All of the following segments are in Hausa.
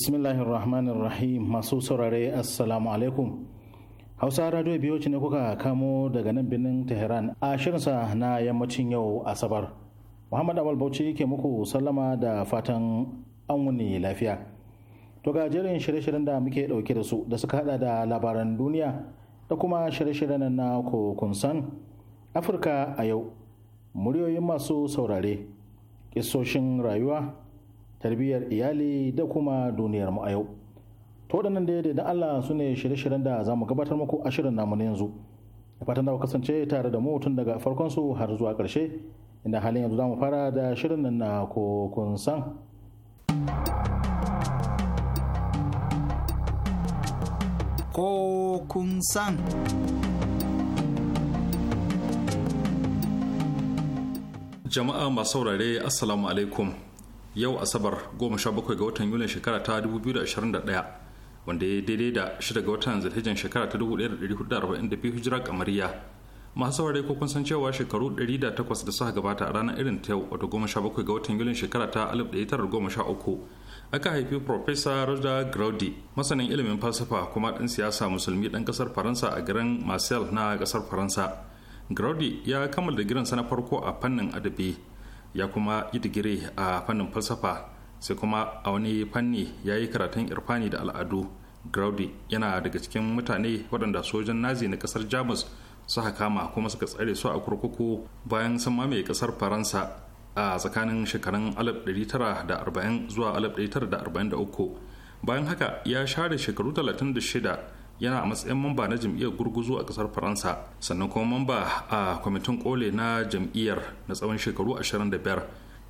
bismillahirrahmanirrahim masu saurare assalamu alaikum hausa radio biyu ne kuka kamo daga nan birnin tehran a shirinsa na yammacin yau asabar muhammad awal bauchi ke muku sallama da fatan an wuni lafiya to ga jerin shirye-shiryen da muke dauke da su da suka hada da labaran duniya da kuma shirye-shiryen na san? afirka a yau muryoyin masu saurare kisoshin rayuwa tarbiyyar iyali da kuma duniyar mu a yau to da nan daidai da Allah su ne shirye-shiryen da za mu gabatar muku a shirin namu na yanzu da fatan da kasance tare da mu tun daga farkon su har zuwa ƙarshe inda halin yanzu za mu fara da shirin nan na kokun san kokun san jama'a masu saurare assalamu alaikum yau asabar 17 ga watan yulin shekara ta 2021 wanda ya daidai da 6 ga watan zirhijin shekara ta 1442 hijira kamariya masu saurare ko kun san cewa shekaru 108 da suka gabata a ranar irin ta yau wato 17 ga watan yulin shekara ta 1913 aka haifi Profesa Roger Graudi masanin ilimin falsafa kuma ɗan siyasa musulmi ɗan ƙasar Faransa a garin Marseille na ƙasar Faransa. Graudi ya kammala digirinsa na farko a fannin adabi ya kuma yi digiri a fannin falsafa sai kuma a wani fanni ya yi karatun irfani da al'adu graudi yana daga cikin mutane waɗanda sojan nazi na ƙasar jamus suka kama kuma suka tsare su a kurkuku bayan sun mamaye ƙasar faransa a tsakanin shekarun 1940 zuwa 1943 bayan haka ya share shekaru 36 yana a matsayin mamba na jam'iyyar gurguzu a kasar faransa sannan kuma mamba a kwamitin kole na jam'iyyar na tsawon shekaru 25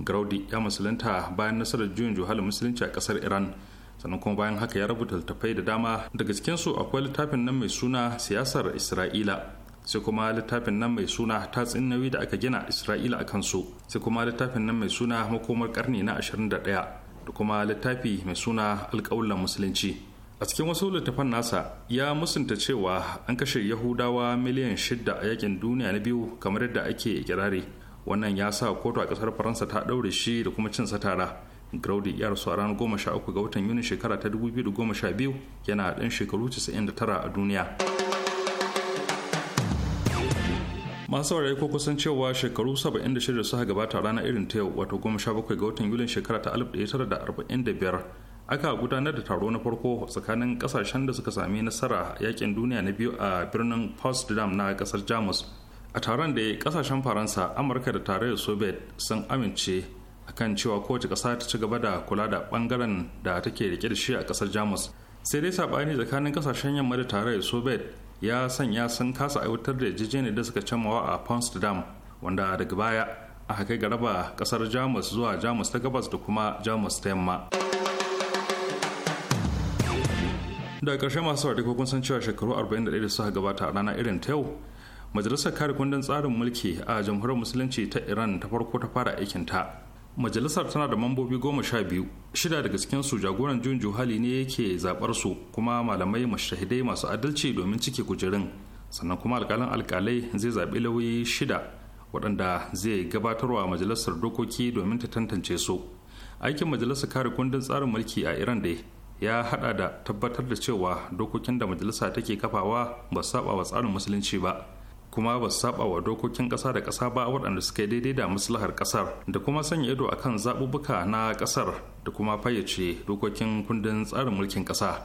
graudi ya musulunta bayan nasarar juyin juhalin musulunci a kasar iran sannan kuma bayan haka ya rubuta littattafai da dama daga cikinsu akwai littafin nan mai suna siyasar isra'ila sai kuma littafin nan mai suna tatsin nauyi da aka gina isra'ila a kansu sai kuma littafin nan mai suna makomar karni na 21 da kuma littafi mai suna alkawulan musulunci a cikin wasu littafan nasa ya musunta cewa an kashe yahudawa miliyan shida a yakin duniya na biyu kamar yadda ake kirari wannan ya sa kotu a kasar faransa ta ɗaure shi da kuma cin satara graudi ya rasu a ranar goma sha uku ga watan yuni shekara ta dubu biyu da goma sha biyu yana ɗan shekaru casa'in da tara a duniya masu saurari ko kusan cewa shekaru 76 suka gabata rana irin ta yau wato 17 ga watan yulin shekara ta 1945 aka gudanar da taro na farko tsakanin kasashen da suka sami nasara yakin duniya na biyu a birnin potsdam na kasar jamus a taron da kasashen faransa amurka da tarayyar soviet sun amince akan cewa kowace kasa ta ci gaba da kula da bangaren da take rike da shi a kasar jamus sai dai sabani tsakanin kasashen yamma da tarayyar soviet ya sanya sun kasa aiwatar da yarjejeniyar da suka camawa a potsdam wanda daga baya a kai ga raba kasar jamus zuwa jamus ta gabas da kuma jamus ta yamma da ƙarshe masu saurari ko kun san cewa shekaru 41 da suka gabata a rana irin ta yau majalisar kare kundin tsarin mulki a jamhuriyar musulunci ta iran ta farko ta fara aikin ta majalisar tana da mambobi goma sha biyu shida daga cikin su jagoran jun juhali ne yake zabar su kuma malamai mashahidai masu adalci domin cike kujerun sannan kuma alkalin alkalai zai zaɓi lauyi shida waɗanda zai gabatarwa majalisar dokoki domin ta tantance su aikin majalisar kare kundin tsarin mulki a iran dai ya hada da tabbatar da cewa dokokin da majalisa take kafawa ba saba wa tsarin musulunci ba kuma ba saba wa dokokin kasa da kasa ba waɗanda suka daidai da maslahar kasar da kuma sanya ido akan zaɓuɓɓuka na kasar da kuma fayyace dokokin kundin tsarin mulkin kasa.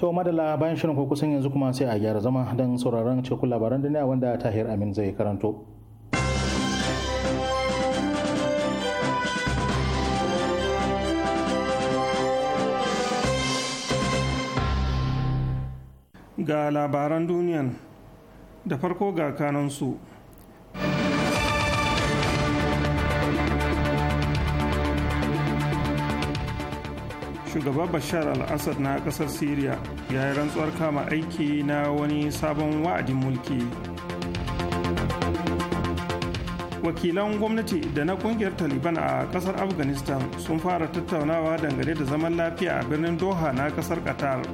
to madala bayan shirin ko kusan yanzu kuma sai a gyara zama don sauraron cikin labaran duniya wanda tahir amin zai karanto ga labaran duniyan da farko ga kanansu shugaba bashar al-assad na kasar syria ya yi rantsuwar kama aiki na wani sabon wa'adin mulki wakilan gwamnati da na kungiyar taliban a kasar afghanistan sun fara tattaunawa dangane da zaman lafiya a birnin doha na kasar qatar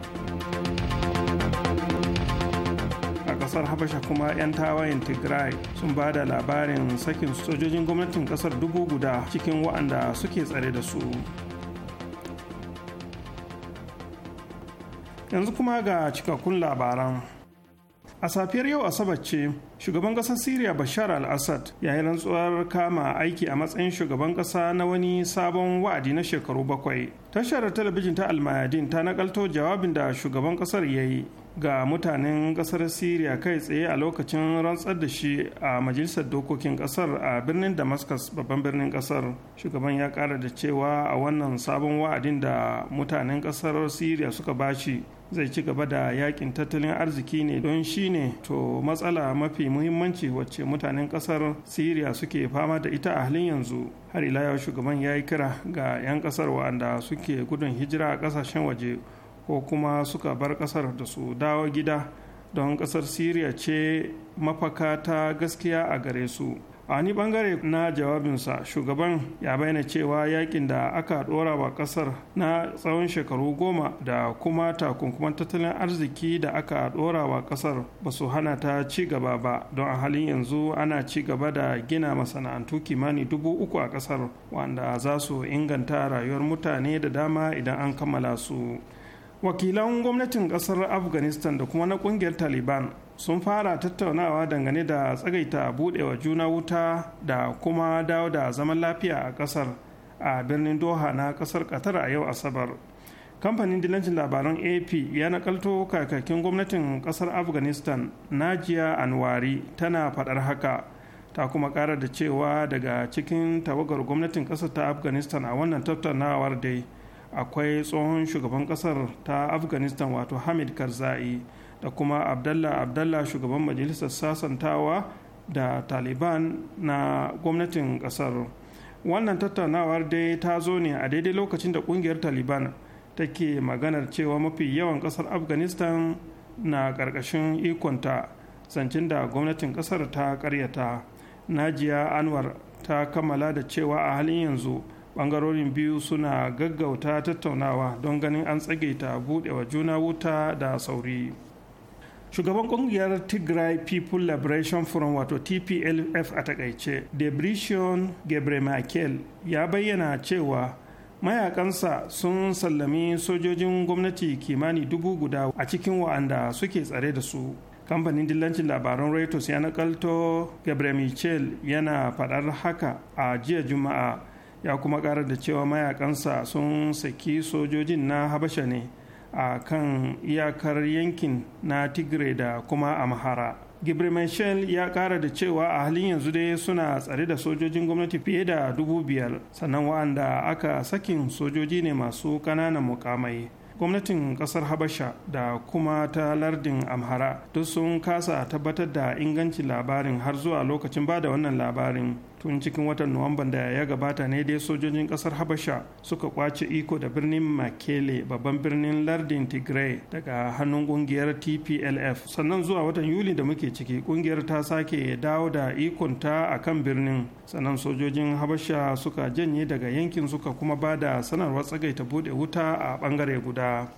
a kasar habasha kuma 'yan tawayen tigray sun ba da labarin sakin sojojin gwamnatin kasar dubu guda cikin wa'anda suke tsare da su yanzu kuma ga cikakkun labaran a safiyar yau asabar ce shugaban kasar syria bashar al-assad ya yi rantsuwar kama aiki a matsayin shugaban kasa na wani sabon wa'adi na shekaru bakwai tashar talabijin ta almayadin ta nakalto jawabin da shugaban kasar ya yi ga mutanen ƙasar syria kai tsaye a lokacin rantsar da shi a majalisar dokokin ƙasar a birnin damascus babban birnin ƙasar, shugaban ya kara da cewa a wannan sabon wa'adin da mutanen ƙasar syria suka bashi zai ci gaba da yakin tattalin arziki ne don shi ne to matsala mafi muhimmanci wacce mutanen kasar syria suke fama da ita a halin yanzu har ila yau shugaban ya yi kira ga 'yan kasar wa'anda suke gudun hijira a ƙasashen waje ko kuma suka bar ƙasar da su dawo gida don ƙasar siriya ce mafaka ta gaskiya a gare su a wani bangare na jawabinsa shugaban ya bayyana cewa yakin da aka dora wa kasar na tsawon shekaru goma da kuma takunkuman tattalin arziki da aka dora wa kasar ba su hana ta ci gaba ba don a halin yanzu ana ci gaba da gina masana'antu kimani dubu uku a kasar wanda za su inganta rayuwar mutane da dama idan an kammala su wakilan gwamnatin kasar afghanistan da kuma na kungiyar taliban sun fara tattaunawa dangane da tsagaita budewa juna wuta da kuma dawo da zaman lafiya a kasar a birnin doha na kasar qatar a yau asabar kamfanin dilancin labaran ap ya nakalto kakakin gwamnatin kasar afghanistan najiya anwari tana fadar haka ta kuma kara da cewa daga cikin tawagar gwamnatin kasar ta afghanistan a wannan tattaunawar dai akwai tsohon shugaban kasar ta afghanistan wato hamid karzai da kuma abdallah abdallah shugaban majalisar sasantawa da taliban na gwamnatin kasar wannan tattaunawar dai ta zo ne a daidai lokacin da kungiyar taliban take maganar cewa mafi yawan kasar afghanistan na ƙarƙashin ikonta zancen da gwamnatin kasar ta karyata najiya anwar ta kammala da cewa a halin yanzu bangarorin biyu suna gaggauta tattaunawa don ganin an tsage ta wa juna wuta da sauri shugaban kungiyar tigray people liberation front wato tplf a takaice debrishon gebremichael ya bayyana cewa mayakansa sun sallami sojojin gwamnati kimani dubu guda a cikin wa'anda suke tsare da su kamfanin dillancin labaran reuters ya nakalto gabriel michel yana faɗar haka a jiya juma'a ya kuma ƙara da cewa mayakansa sun saki sojojin na habasha ne a kan iyakar yankin na tigray da kuma amhara Gibre ya kara da cewa a halin yanzu dai suna tsare da sojojin gwamnati fiye da dubu biyar sannan wa'anda aka sakin sojoji ne masu ƙananan mukamai. Gwamnatin ƙasar Habasha da kuma ta lardin Amhara duk sun kasa tabbatar da ingancin labarin har zuwa lokacin ba da wannan labarin. tun cikin watan nuwamban da ya gabata ne dai sojojin kasar habasha suka kwace iko da birnin makele babban birnin lardin tigray daga hannun kungiyar tplf sannan zuwa watan yuli da muke ciki kungiyar ta sake dawo da ikonta a kan birnin sannan sojojin habasha suka janye daga yankin suka kuma bada da sanarwar tsagaita bude wuta a bangare guda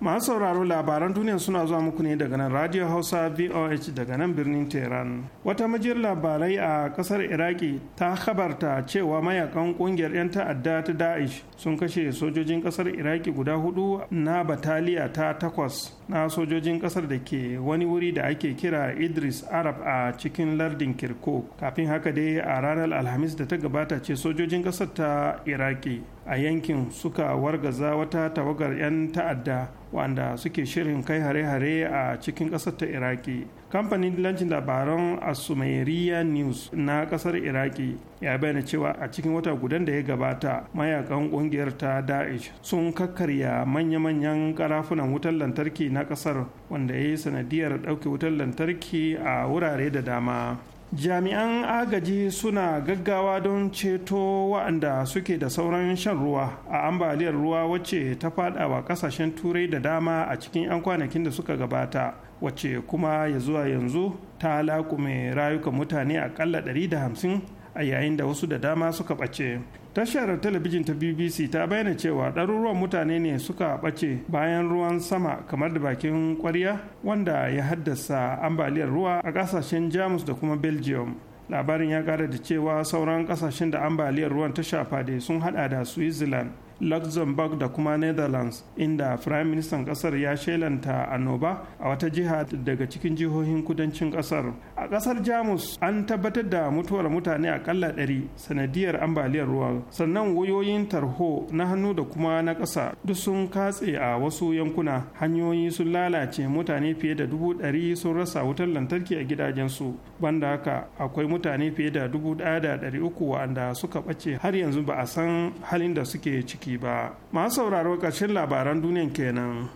masu sauraro labaran duniya suna zuwa muku ne daga nan radio hausa voh daga nan birnin tehran wata majiyar labarai a kasar iraki ta habarta cewa mayakan kungiyar 'yan ta'adda ta Da'ish sun kashe sojojin kasar iraki guda hudu na bataliya ta takwas na sojojin kasar da ke wani wuri da ake kira idris arab a cikin lardin kirkuk kafin haka dai a ranar alhamis da ta gabata ce sojojin kasar ta iraki a yankin suka wargaza wata tawagar 'yan ta'adda wanda suke shirin kai hare-hare a cikin ƙasar ta iraki kamfanin lancin labaran asumairiya news na ƙasar iraki ya bayyana cewa a cikin wata gudan da ya gabata mayakan ƙungiyar ta daesh sun kakkarya manya-manyan karafunan wutar lantarki na ƙasar wanda ya yi sanadiyar ɗauke wutar lantarki a wurare da dama jami'an agaji suna gaggawa don ceto wa'anda suke da sauran shan ruwa a ambaliyar ruwa wacce ta fada wa kasashen turai da dama a cikin 'yan kwanakin da suka gabata wacce kuma ya zuwa yanzu ta laƙume rayuka mutane akalla 150 a yayin da wasu da dama suka ɓace tashar talabijin ta bbc ta bayyana cewa ɗaruruwan mutane ne suka ɓace bayan ruwan sama kamar da bakin kwarya. wanda ya haddasa ambaliyar ruwa a ƙasashen jamus da kuma belgium labarin ya ƙara da cewa sauran ƙasashen da ambaliyar ruwan ta shafa da sun hada da switzerland luxembourg da kuma netherlands inda prime ministan kasar ya shelanta annoba a wata jiha daga cikin jihohin kudancin kasar a kasar jamus an tabbatar da mutuwar mutane akalla ɗari sanadiyar ambaliyar ruwa sannan wayoyin tarho na hannu da kuma na ƙasa duk sun katse a wasu yankuna hanyoyi sun lalace mutane fiye da dubu ɗari sun rasa wutar lantarki a gidajensu banda haka akwai mutane fiye da dubu ɗaya da ɗari uku wa'anda suka ɓace har yanzu ba a san halin da suke ciki ba masu sauraro ƙarshen labaran duniyan kenan.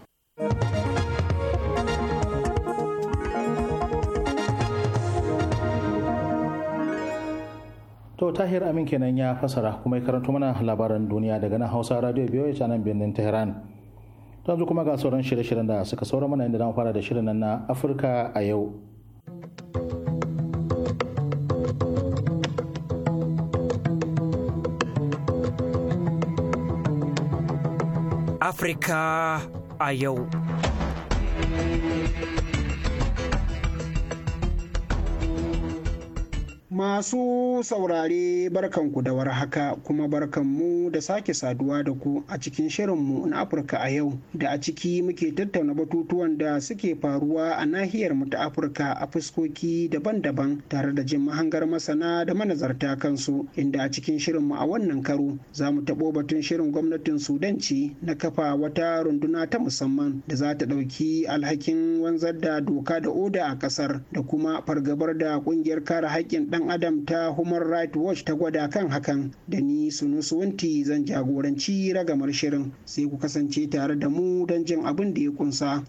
To Tahir Amin kenan ya fasara kuma ya karanto mana labaran duniya daga nan Hausa Radio biyo ya nan birnin Tehran. yanzu kuma ga sauran shirye-shiryen da suka saura mana inda zan fara da shirin nan na Afirka a yau. Afirka a yau. Masu saurare barkanku da war haka kuma barkanmu da sake saduwa da ku a cikin shirin mu na Afirka a yau da a ciki muke tattauna batutuwan da suke faruwa a nahiyar mu ta Afirka a fuskoki daban-daban tare da jin mahangar masana da manazarta kansu inda a cikin shirin mu a wannan karo za mu taɓo batun shirin gwamnatin sudanci na kafa wata runduna ta musamman da za ta ɗauki alhakin wanzar da doka da oda a ƙasar da kuma fargabar da ƙungiyar kare haƙƙin ɗan adam ta human rights watch ta gwada kan hakan da ni suwanti zan jagoranci ragamar shirin sai ku kasance tare da mu don jin abin da ya kunsa.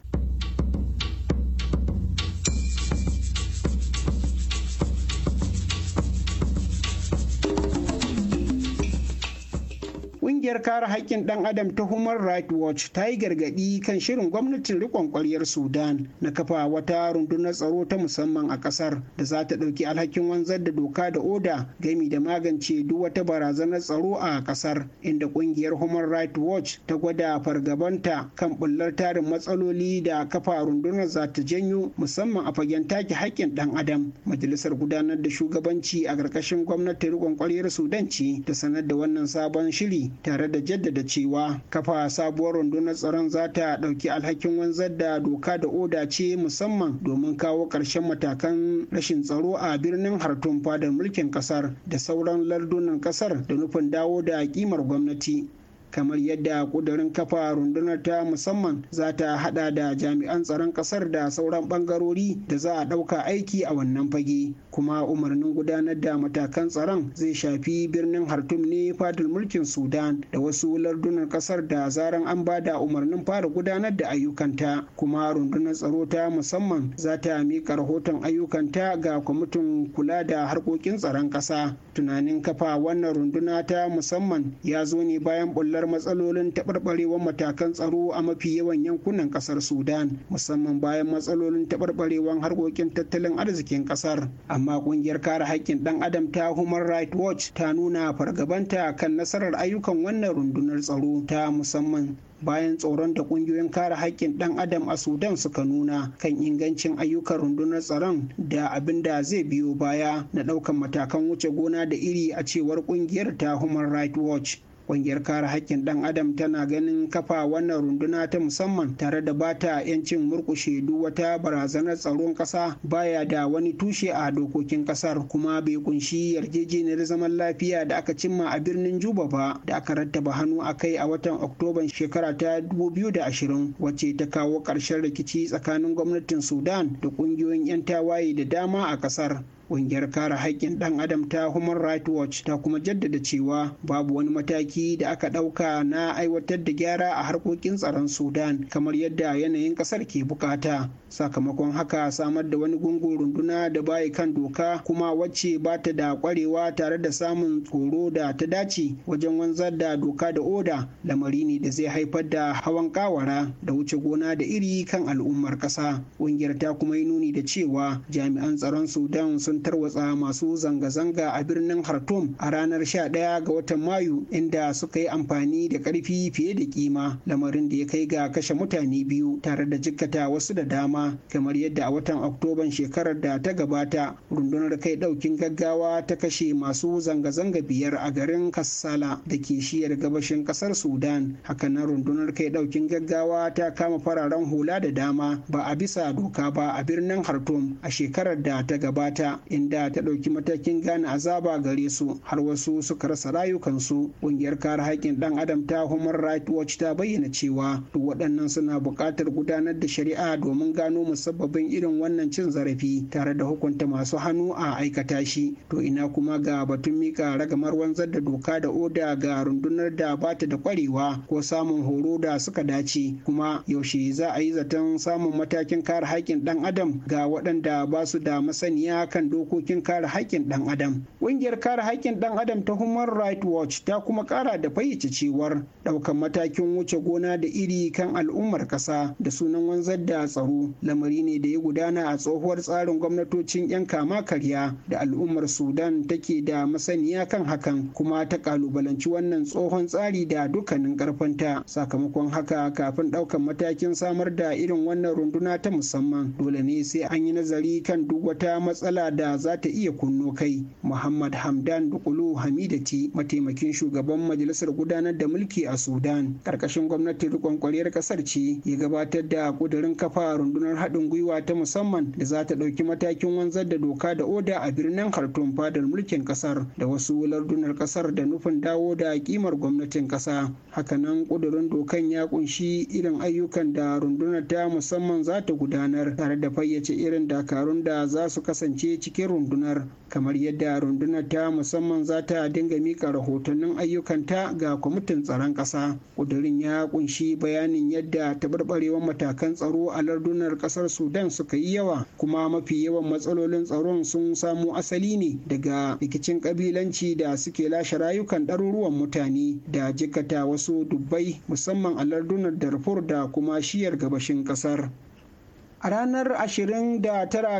Ƙungiyar kare haƙƙin ɗan adam ta Human Rights Watch ta yi gargaɗi kan shirin gwamnatin riƙon ƙwaryar Sudan na kafa wata rundunar tsaro ta musamman a ƙasar da za ta ɗauki alhakin wanzar da doka da oda gami da magance duk wata barazanar tsaro a ƙasar inda ƙungiyar Human Rights Watch ta gwada fargabanta kan bullar tarin matsaloli da kafa rundunar za ta janyo musamman a fagen take haƙƙin ɗan adam. Majalisar gudanar da shugabanci a ƙarƙashin gwamnatin riƙon ƙwaryar Sudan ce ta sanar da wannan sabon shiri ta tare da jaddada cewa kafa sabuwar rundunar tsaron za ta ɗauki alhakin wanzar da doka da oda ce musamman domin kawo ƙarshen matakan rashin tsaro a birnin hartun fadar mulkin ƙasar da sauran lardunan ƙasar da nufin dawo da ƙimar gwamnati kamar yadda kudurin kafa rundunar ta musamman za ta hada da jami'an tsaron kasar da sauran bangarori da za a dauka aiki a wannan fage kuma umarnin gudanar da matakan tsaron zai shafi birnin hartum ne fadin mulkin sudan da wasu lardunan kasar da zaran an ba da umarnin fara gudanar da ayyukanta kuma rundunar tsaro ta musamman za ta miƙa rahoton ayyukanta ga kwamitin kula da harkokin tsaron ƙasa tunanin kafa wannan runduna ta musamman ya zo ne bayan bullar bullar matsalolin taɓarɓarewar matakan tsaro a mafi yawan yankunan ƙasar sudan musamman bayan matsalolin taɓarɓarewar harkokin tattalin arzikin ƙasar amma ƙungiyar kare haƙƙin ɗan adam ta human rights watch ta nuna fargabanta kan nasarar ayyukan wannan rundunar tsaro ta musamman bayan tsoron da kungiyoyin kare haƙƙin ɗan adam a sudan suka nuna kan ingancin ayyukan rundunar tsaron da abin da zai biyo baya na ɗaukan matakan wuce gona da iri a cewar ƙungiyar ta human rights watch Ƙungiyar kare haƙƙin ɗan adam tana ganin kafa wannan runduna ta musamman tare da bata 'yancin murƙushe duk wata barazanar tsaron ƙasa baya da wani tushe a dokokin ƙasar kuma bai kunshi yarjejeniyar zaman lafiya da aka cimma a birnin Juba ba da aka rattaba hannu a kai a watan Oktoban shekara ta 2020 wacce ta kawo ƙarshen rikici tsakanin gwamnatin Sudan da ƙungiyoyin 'yan tawaye da dama a ƙasar. ƙungiyar kare haƙƙin ɗan adam ta human rights watch ta kuma jaddada cewa babu wani mataki da aka ɗauka na aiwatar da gyara a harkokin tsaron sudan kamar yadda yanayin ƙasar ke bukata sakamakon haka samar da wani gungun runduna da baya kan doka kuma wacce ba ta da ƙwarewa tare da samun tsoro da ta dace wajen wanzar da doka da oda lamari ne da zai haifar da hawan kawara da wuce gona da iri kan al'ummar ƙasa ƙungiyar ta kuma yi nuni da cewa jami'an tsaron sudan sun don tarwatsa masu zanga-zanga a birnin Khartoum a ranar 11 ga watan Mayu inda suka yi amfani da ƙarfi fiye da kima lamarin da ya kai ga kashe mutane biyu tare da jikkata wasu da dama kamar yadda a watan Oktoban shekarar da ta gabata rundunar kai ɗaukin gaggawa ta kashe masu zanga-zanga biyar a garin Kassala da ke shiyar gabashin ƙasar Sudan hakanan rundunar kai ɗaukin gaggawa ta kama fararen hula da dama ba a bisa doka ba a birnin Khartoum a shekarar da ta gabata inda ta ɗauki matakin gane azaba gare su har wasu suka rasa rayukansu ƙungiyar kare haƙƙin ɗan adam ta human rights watch ta bayyana cewa duk waɗannan suna buƙatar gudanar da shari'a domin gano musabbabin irin wannan cin zarafi tare da hukunta masu hannu a aikata shi to ina kuma ga batun mika ragamar wanzar da doka da oda ga rundunar da bata da kwarewa ko samun horo da suka dace kuma yaushe za a yi zaton samun matakin kare haƙƙin ɗan adam ga waɗanda ba su da masaniya kan dokokin kare haƙƙin ɗan adam ƙungiyar kare haƙƙin ɗan adam ta human rights watch ta kuma ƙara da fayyace cewar ɗaukan matakin wuce gona da iri kan al'ummar ƙasa da sunan wanzar da tsaro lamari ne da ya gudana a tsohuwar tsarin gwamnatocin 'yan kama karya da al'ummar sudan take da masaniya kan hakan kuma ta kalubalanci wannan tsohon tsari da dukkanin karfanta sakamakon haka kafin ɗaukan matakin samar da irin wannan runduna ta musamman dole ne sai an yi nazari kan duk wata matsala da da za ta iya kunno kai muhammad hamdan dukulu hamidati mataimakin shugaban majalisar gudanar da mulki a sudan karkashin gwamnatin rikon kwaryar kasar ce ya gabatar da kudurin kafa rundunar haɗin gwiwa ta musamman da za ta ɗauki matakin wanzar da doka da oda a birnin khartoum fadar mulkin kasar da wasu lardunar kasar da nufin dawo da kimar gwamnatin kasa hakanan kudurin dokan ya kunshi irin ayyukan da rundunar ta musamman za ta gudanar tare da fayyace irin dakarun da za su kasance cikin cikin rundunar kamar yadda rundunar ta musamman za ta dinga mika rahotannin ayyukanta ga kwamitin tsaron ƙasa ƙudurin ya kunshi bayanin yadda taɓarɓarewar matakan tsaro a lardunar ƙasar sudan suka yi yawa kuma mafi yawan matsalolin tsaron sun samo asali ne daga rikicin ƙabilanci da suke lashe rayukan ɗaruruwan mutane da jikata wasu dubbai musamman a lardunar darfur da kuma shiyar gabashin ƙasar A ranar 29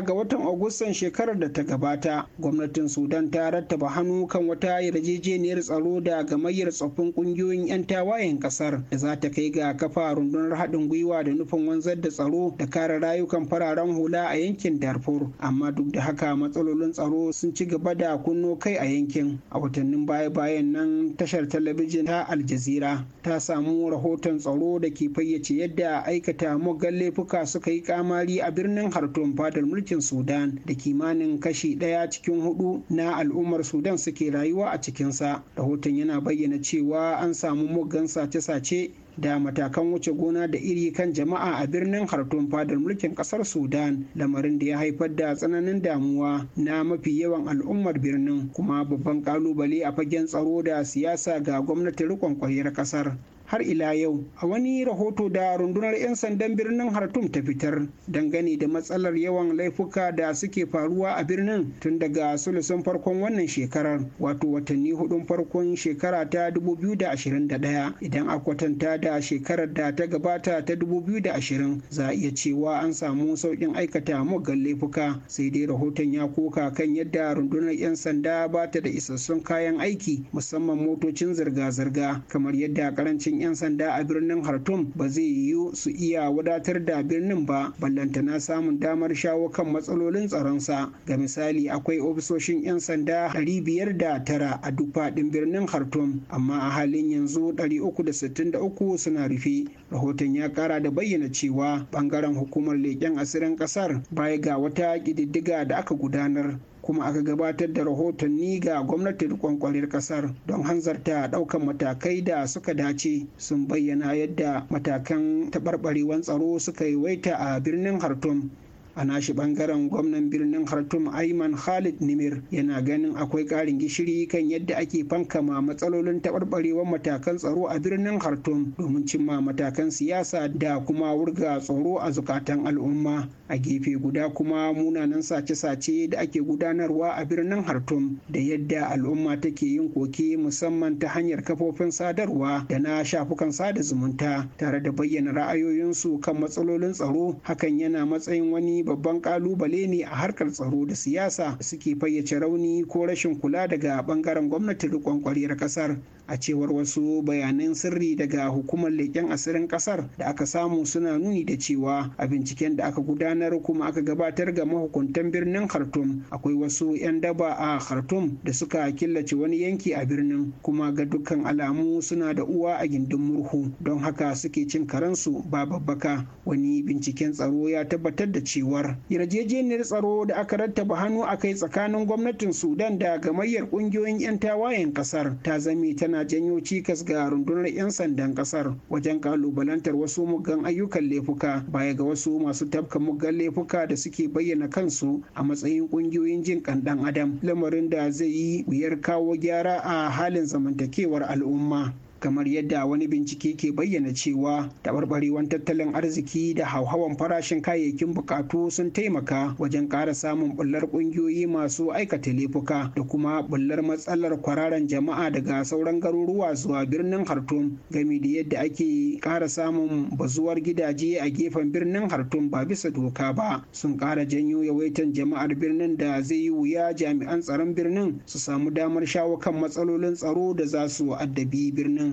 ga watan Agustan shekarar da ta gabata, gwamnatin Sudan ta rattaba hannu kan wata yarjejeniyar tsaro da gamayyar tsoffin kungiyoyin 'yan tawayen kasar da za ta kai ga kafa rundunar haɗin gwiwa da nufin wanzar da tsaro da kare rayukan fararen hula a yankin Darfur. Amma duk da haka matsalolin tsaro sun ci gaba da kunno kai a yankin. A watannin baya-bayan nan tashar talabijin ta Aljazira. ta samu rahoton tsaro da ke fayyace yadda aikata mugan laifuka suka yi kama kamari a birnin Khartoum fadar mulkin Sudan da kimanin kashi ɗaya cikin hudu na al'ummar Sudan suke rayuwa a cikinsa. Rahoton yana bayyana cewa an samu muggan sace-sace da matakan wuce gona da iri kan jama'a a birnin Khartoum fadar mulkin kasar Sudan lamarin da ya haifar da tsananin damuwa na mafi yawan al'ummar birnin kuma babban kalubale a fagen tsaro da siyasa ga gwamnatin rikon kwayar kasar har ila yau a wani rahoto da rundunar 'yan sandan birnin hartum ta fitar dangane da matsalar yawan laifuka da suke faruwa a birnin tun daga sulusun farkon wannan shekarar wato watanni hudun farkon shekara ta 2021 idan a kwatanta da shekarar da ta gabata ta 2020 za a iya cewa an samu sauƙin aikata muggan laifuka sai dai rahoton ya koka kan yadda rundunar 'yan sanda ba ta da isassun kayan aiki musamman motocin zirga-zirga kamar yadda karancin 'yan sanda a birnin Khartoum ba zai yiwu su iya wadatar da birnin ba ballantana samun damar shawo kan matsalolin tsaronsa. Ga misali akwai ofisoshin 'yan sanda 509 a duk faɗin birnin Khartoum amma a halin yanzu 363 suna rufe. Rahoton ya kara da bayyana cewa bangaren hukumar leƙen asirin ƙasar baya ga wata ƙididdiga da aka gudanar kuma aka gabatar da rahotanni ga gwamnatin kwankwalin kasar don hanzarta daukan matakai da suka dace sun bayyana yadda matakan taɓarɓarewan tsaro suka yi a birnin hartum a nashi bangaren gwamnan birnin hartum ayman khalid nimir yana ganin akwai ƙarin gishiri kan yadda ake fankama matsalolin taɓarɓarewar matakan tsaro a birnin hartum domin cimma matakan siyasa da kuma wurga tsaro a zukatan al'umma a gefe guda kuma munanan sace-sace da ake gudanarwa a birnin hartum da yadda al'umma take yin koke musamman ta hanyar kafofin sadarwa da na shafukan sada zumunta tare da bayyana ra'ayoyinsu kan matsalolin tsaro hakan yana matsayin wani babban kalubale ne a harkar tsaro da siyasa suke fayyace rauni ko rashin kula daga bangaren gwamnati riƙon ƙwaryar ƙasar a cewar wasu bayanan sirri daga hukumar leƙen asirin ƙasar da aka samu suna nuni da cewa a binciken da aka gudanar kuma aka gabatar ga mahukuntan birnin khartoum akwai wasu 'yan daba a khartoum da suka killace wani yanki a birnin kuma ga dukkan alamu suna da uwa a gindin murhu don haka suke cin karensu ba babbaka wani binciken tsaro ya tabbatar da cewar yarjejeniyar tsaro da aka rattaba hannu a kai tsakanin gwamnatin sudan da gamayyar kungiyoyin 'yan tawayen kasar ta zame tana yana janyo cikas ga rundunar 'yan sandan kasar wajen kalubalantar wasu muggan ayyukan laifuka baya ga wasu masu tabka muggan laifuka da suke bayyana kansu a matsayin kungiyoyin jin kan adam lamarin da zai yi wuyar kawo gyara a halin zamantakewar al'umma kamar yadda wani bincike ke bayyana cewa taɓarɓarewar tattalin arziki da hauhawan farashin kayayyakin bukatu sun taimaka wajen ƙara samun bullar ƙungiyoyi masu aikata laifuka da kuma bullar matsalar kwararan jama'a daga sauran garuruwa zuwa birnin hartum gami da yadda ake ƙara samun bazuwar gidaje a gefen birnin hartum ba bisa doka ba sun ƙara janyo yawaitan jama'ar birnin da zai yi wuya jami'an tsaron birnin su samu damar shawo kan matsalolin tsaro da za su addabi birnin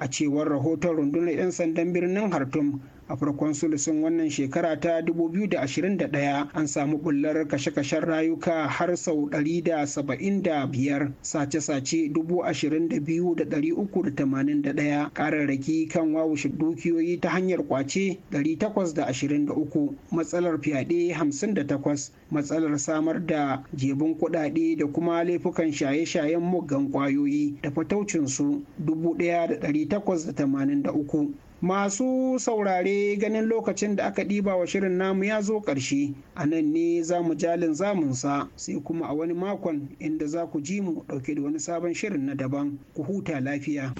a cewar rahoton rundunar 'yan sandan birnin hartum a farkon sulusun wannan shekara ta 2021 an samu bullar kashe-kashen rayuka har sau 175 sace-sace 22,381 kararraki kan wawushe dukiyoyi ta hanyar kwace 823 matsalar fyaɗe 58 matsalar samar da jebin kuɗaɗe da kuma laifukan shaye-shayen muggan kwayoyi da fataucinsu 1883 Masu saurare ganin lokacin da aka ɗiba wa shirin namu ya zo ƙarshe, a nan ne za mu jalin zamunsa sai kuma a wani makon inda za ku ji mu ɗauke da wani sabon shirin na daban, ku huta lafiya.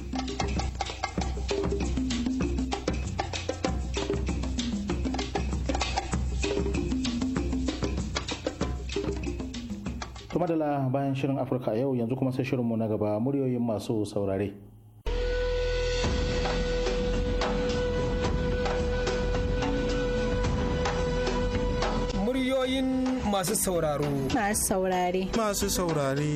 kuma da bayan shirin afirka yau yanzu kuma sai shirinmu na gaba muryoyin masu saurare masu sauraro. Masu saurare. Masu saurare.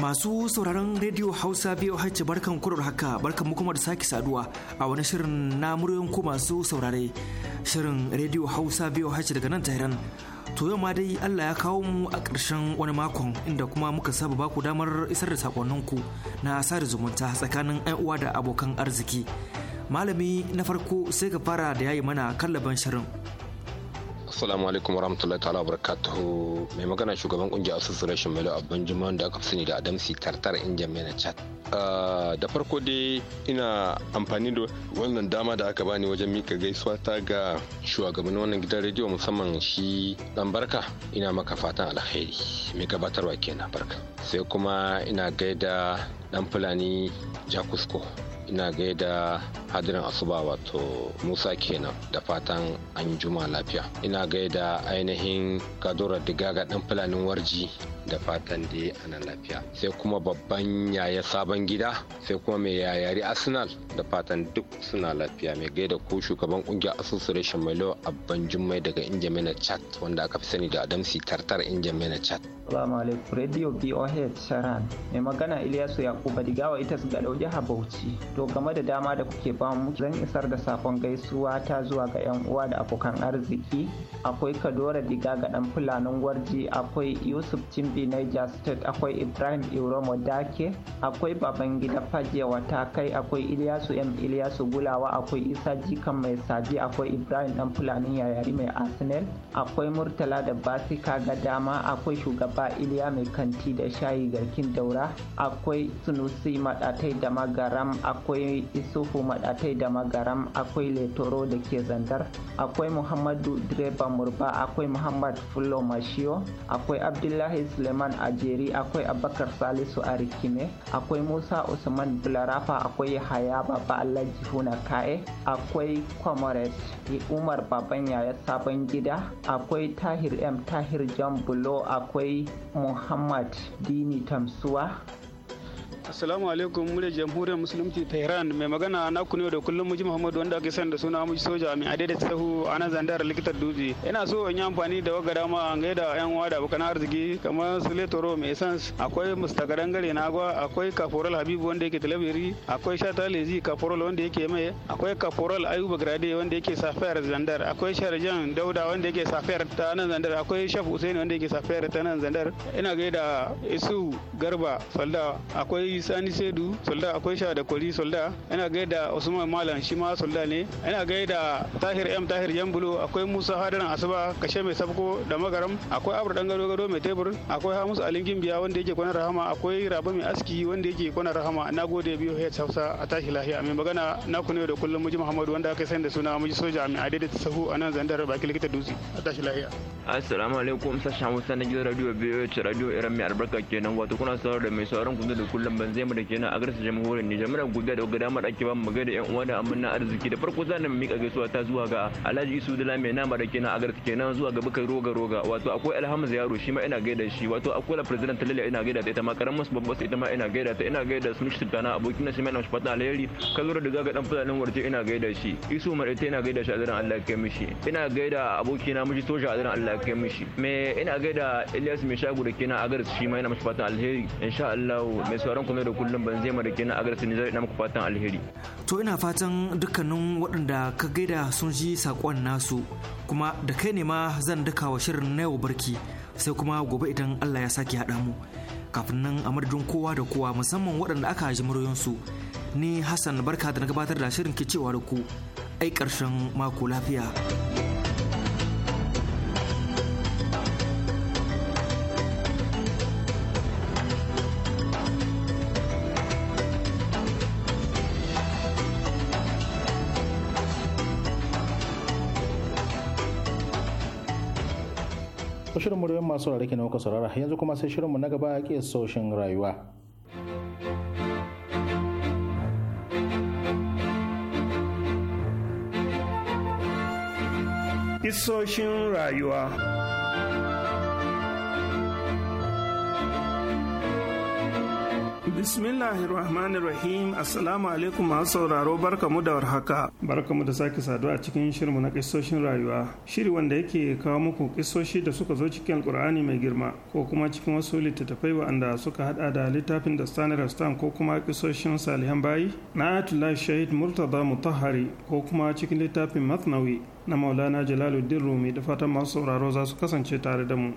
Masu sauraron Radio Hausa BOH barkan kurar haka barkan mu kuma da sake saduwa a wani shirin na muryoyin ku masu saurare. Shirin Radio Hausa biyu hajji daga nan Tehran. To yau ma dai Allah ya kawo mu a ƙarshen wani makon inda kuma muka saba baku damar isar da saƙonninku na sada zumunta tsakanin 'yan uwa da abokan arziki. Malami na farko sai ka fara da yayi mana kallaban shirin. Assalamu alaikum warahmatullahi ta'ala barakatuhu. Mai magana shugaban kungiyar Association Melo Abban Juma'an da aka sani da Adamsi Tartar Injin Mena Chat. Ah, da farko dai ina amfani da wannan dama da aka bani wajen mika gaisuwa ta ga shugaban wannan gidan rediyo musamman shi dan barka ina maka fatan alheri mai gabatarwa kenan barka sai kuma ina gaida dan fulani jakusko ina gaida hadirin asuba wato musa kenan da fatan an juma lafiya ina gaida ainihin kadura digaga dan fulanin warji da fatan dai ana lafiya sai kuma babban yaya sabon gida sai kuma mai yayari arsenal da fatan duk suna lafiya mai gaida ko shugaban kungiyar association mai a abban jummai daga na chat wanda aka fi sani da adamsi tartar na chat salamu alaikum radio boh sharan mai magana ilyasu yakuba digawa ita su gadau jihar bauchi to game da dama da kuke ba mu zan isar da sakon gaisuwa ta zuwa ga yan uwa da abokan arziki akwai kadora diga ga dan fulanin gwarji akwai yusuf cin Kebbi Niger State akwai Ibrahim Iromo Dake, akwai Babangida Fajewa Takai, akwai Iliyasu M Iliyasu Gulawa, akwai Isa Jikan Mai Saji, akwai Ibrahim Dan Fulani Yayari Mai Arsenal, akwai Murtala da Basika Gadama, akwai Shugaba Iliya Mai Kanti da Shayi Garkin Daura, akwai Sunusi Madatai da Magaram, akwai Isufu Madatai da Magaram, akwai Letoro da ke Zandar, akwai Muhammadu Direba Murba, akwai Muhammad Fulo Mashiyo, akwai Abdullahi suleiman ajeri akwai abubakar salisu arikime akwai musa usman bularafa akwai yahaya baba alhaji huna ka'e akwai comrade umar baban yaya sabon gida akwai tahir m tahir jambulo akwai muhammad dini tamsuwa Assalamu alaikum mu da jamhuriyar musulunci ta Iran mai magana na ku ne da kullum muji Muhammadu wanda ake sani da suna muji soja mai adai da tsahu a nan zandar likitar dutse. Ina so in yi amfani da wagga dama an da yan uwa da abokan arziki kamar su Letoro mai essence akwai mustakaran gare na agwa akwai kaforal Habibu wanda yake talabiri akwai Shata Lezi kaforal wanda yake mai akwai kaforal Ayuba Grade wanda yake safiyar zandar akwai Sharjan Dauda wanda yake safiyar ta nan zandar akwai shafu Hussein wanda yake safiyar ta nan zandar ina da Isu Garba Salda akwai sani saidu solda akwai sha da kwari solda yana gaida usman malam shi ma solda ne yana gaida tahir m tahir jambulo akwai musa hadaran asuba kashe mai sabko da magaram akwai abu dan gado gado mai tebur akwai hamus alingin biya wanda yake kwana rahama akwai rabu mai aski wanda yake kwana rahama na gode biyu hayat hausa a tashi lahiya mai magana na ku ne da kullum muji muhammadu wanda aka sani da suna muji soja mai adai da sahu a nan zandar baki likita dutse a tashi lahiya assalamu alaikum sashen hausa na gidan radio biyu radio iran mai albarka kenan wato kuna saurar da mai sauran kunzu da kullum zai mu da ke nan a garsa jamhuriyar Nijar muna godiya da ga damar ake bamu magana da yan uwa da amanna arziki da farko zan mu mika gaisuwa ta zuwa ga Alhaji Isu Dala mai nama da ke nan a garsa kenan zuwa ga Bukar Roga Roga wato akwai Alhamis Yaro shi ma ina gaida shi wato akwai la president Lalle ina gaida ta ita ma karamin babba ita ma ina gaida ta ina gaida su Mushrik Tana abokin shi mai nama Shafat Alheri kalura da gaga dan fulanin warje ina gaida shi Isu Mare ina gaida shi a daren Allah ya mishi ina gaida aboki na miji soja a daren Allah ya mishi me ina gaida Ilyas mai shago da ke nan a garsa shi ma ina mashi fata alheri insha Allah mai sauran ku yau da kullum ban zai mara kenan agarsu ne zai ina muku fatan alheri. To ina fatan dukkanin waɗanda ka gaida sun ji saƙon nasu kuma da kai ne ma zan daka wa shirin na yau barki sai kuma gobe idan Allah ya sake haɗa mu. Kafin nan a madadin kowa da kowa musamman waɗanda aka ji muryoyinsu ni Hassan barka da na gabatar da shirin ke cewa da ku ai ƙarshen mako lafiya. shirin muryoyin masu rarraki na kuka saurara yanzu kuma sai mu na gaba ke soshin rayuwa. Isoshin rayuwa. Bismillahirrahmanirrahim Assalamu alaikum masu sauraro barkamu da warhaka. Barkamu da sake saduwa a cikin shirinmu na kisoshin rayuwa. Shiri wanda yake kawo muku kisoshi da suka zo cikin Alkur'ani mai girma ko kuma cikin wasu littattafai wanda suka hada da littafin da Stanley Rastan ko kuma kisoshin Salihan Bayi na atullahi Shahid Murtada Mutahari ko kuma cikin littafin Matnawi na Maulana Jalaluddin Rumi da fatan masu sauraro za su kasance tare da mu.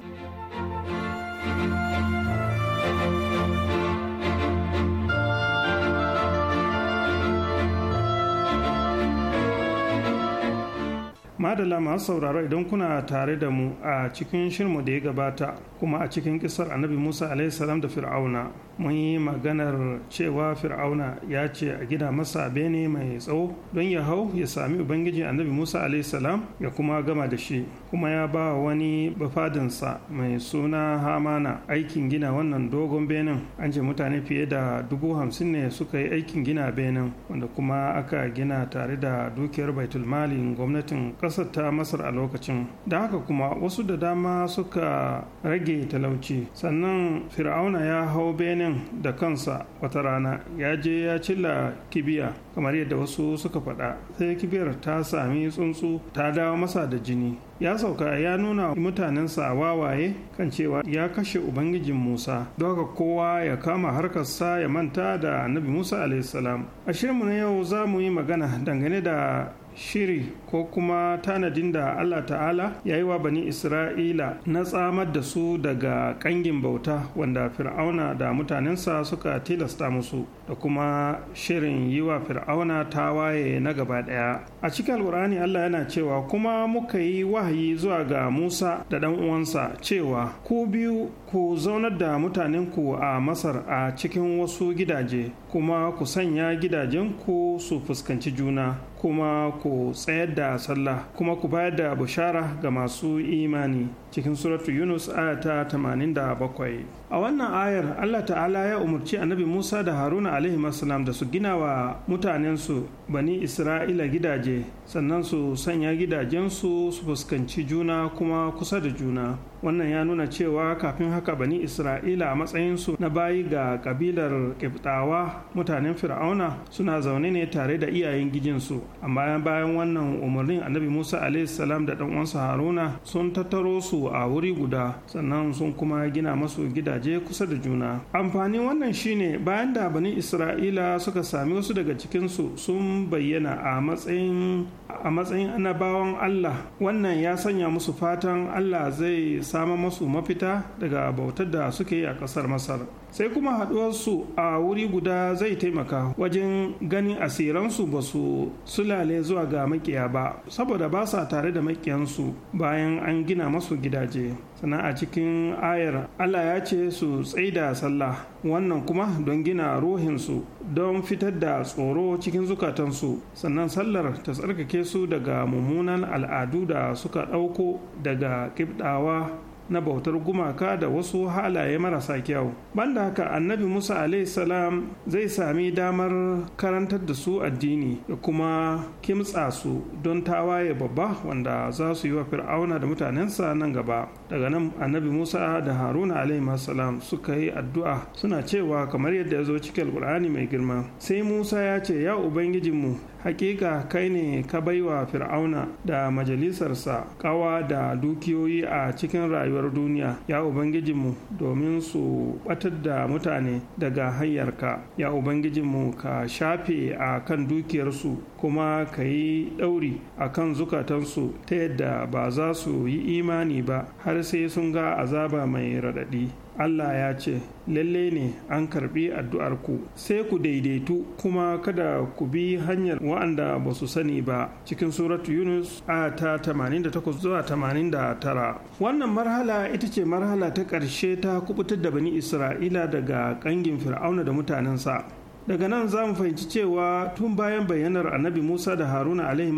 madala masu sauraro idan kuna tare da mu a cikin shirmu da ya gabata kuma a cikin kisar annabi musa salam da fir'auna mun yi maganar cewa fir'auna ya ce a gida masa bene mai tsawo don ya hau ya sami ubangiji annabi musa salam ya kuma gama da shi kuma ya ba wani bafadinsa mai suna hamana aikin gina wannan dogon benin an ce mutane fiye da dubu hamsin ne suka yi aikin gina benin wanda kuma aka gina tare da dukiyar baitulmalin gwamnatin ƙasar ta masar a lokacin da haka kuma wasu da dama suka rage talauci sannan fir'auna ya hau benin yan da kansa wata rana ya je ya cilla kibiya kamar yadda wasu suka faɗa sai kibiyar ta sami tsuntsu ta dawo masa da jini ya sauka ya nuna mutanensa wawaye kan cewa ya kashe ubangijin musa don haka kowa ya kama harkarsa ya manta da annabi musa alaihissalam a shirinmu na yau za mu yi magana dangane da shiri ko kuma tanadin da Allah ta'ala ya yi wa bani Isra'ila na tsamar da su daga ƙangin bauta wanda fir'auna da mutanensa suka tilasta musu da kuma shirin yi wa fir'auna tawaye na gaba ɗaya. A cikin alkur'ani Allah yana cewa kuma muka yi wahayi zuwa ga Musa da ɗan uwansa cewa ku biyu ku zaunar da mutanenku a Masar a cikin wasu gidaje kuma ku sanya gidajenku su fuskanci juna kuma ku tsayar da sallah kuma ku bayar da bushara ga masu imani cikin suratu yunus aya ta 87 a wannan ayar allah ta'ala ya umarci annabi musa da haruna alaihi salam da su gina wa mutanensu bani isra'ila gidaje sannan su sanya gidajensu su fuskanci juna kuma kusa da juna wannan ya nuna cewa kafin haka bani isra'ila a matsayinsu na bayi ga kabilar kiftawa mutanen fir'auna suna zaune ne tare da iyayen gijinsu amma bayan wannan umarnin annabi musa salam da dan uwansa haruna sun tattaro su a wuri guda sannan sun kuma gina masu gidaje kusa da juna amfani wannan shine bayan da bani isra'ila suka sami wasu daga cikinsu sun bayyana a matsayin a allah wannan ya sanya musu fatan allah zai samar masu mafita daga bautar da suke yi a ƙasar masar sai kuma haɗuwarsu a wuri guda zai taimaka wajen ganin asiransu ba su sulale zuwa ga makiya ba saboda ba sa tare da makiyansu bayan an gina masu gidaje sannan a cikin ayar allah ya ce su tsaida sallah wannan kuma don gina ruhinsu don fitar da tsoro cikin zukatansu sannan sallar ta tsarkake su daga mummunan al'adu da suka ɗauko daga kibdawa na bautar gumaka da wasu halaye marasa kyau banda haka annabi musa salam zai sami damar karantar da su addini da kuma kimtsa su don tawaye babba wanda za su yi wa fir'auna da mutanensa nan gaba daga nan annabi musa da haruna alaihi salam suka yi addu'a suna cewa kamar yadda ya zo cikin alkur'ani mai girma sai musa ya ce ya ubangijinmu hakika kai ne ka baiwa fir'auna da majalisarsa kawa da dukiyoyi a cikin rayuwar duniya ya ubangijinmu domin su batar da mutane daga hanyarka ya ubangijinmu ka shafe a kan dukiyarsu kuma ka yi ɗauri a kan zukatansu ta yadda ba za su yi imani ba har sai sun ga azaba mai raɗaɗi Allah ya ce lalle ne an karbi addu'arku sai ku daidaitu kuma kada ku bi hanyar wa'anda ba su sani ba cikin suratu yunus a ta 88 zuwa 89 wannan marhala ita ce marhala ta ƙarshe ta kubutar da bani isra'ila daga ƙangin fir'auna da mutanensa daga nan za mu fahimci cewa tun bayan bayyanar annabi musa da haruna alaihi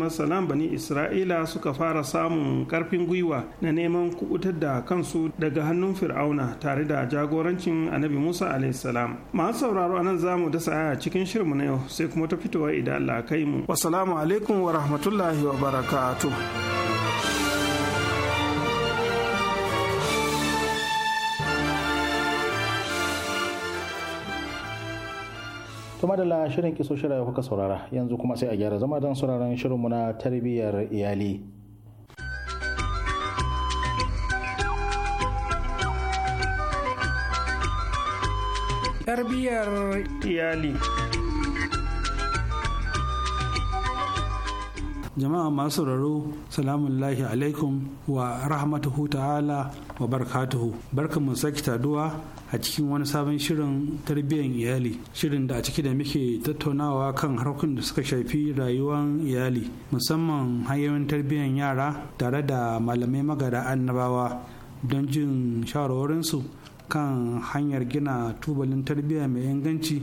bani isra'ila suka fara samun karfin gwiwa na neman kubutar da kansu daga hannun fir'auna tare da jagorancin annabi musa alaihi salam masu sauraro anan za mu dasa aya cikin shirmu na yau sai kuma ta fitowa idan allah kai mu wasalamu alaikum wa rahmatullahi wa barakatuh to madalla shirin kiso shirya kuka saurara yanzu kuma sai a gyara zama don sauraron shirinmu na tarbiyyar iyali tarbiyyar iyali jama'a masu sauraro salamun lahi alaikum wa rahmatuhu ta'ala wa barkatuhu barka mu saki taduwa a cikin wani sabon shirin tarbiyyar iyali shirin da a ciki da muke tattaunawa kan harkokin da suka shafi rayuwar iyali musamman hanyoyin tarbiyyar yara tare da malamai magada annabawa don jin shawarwarinsu kan hanyar gina tubalin tarbiyya mai inganci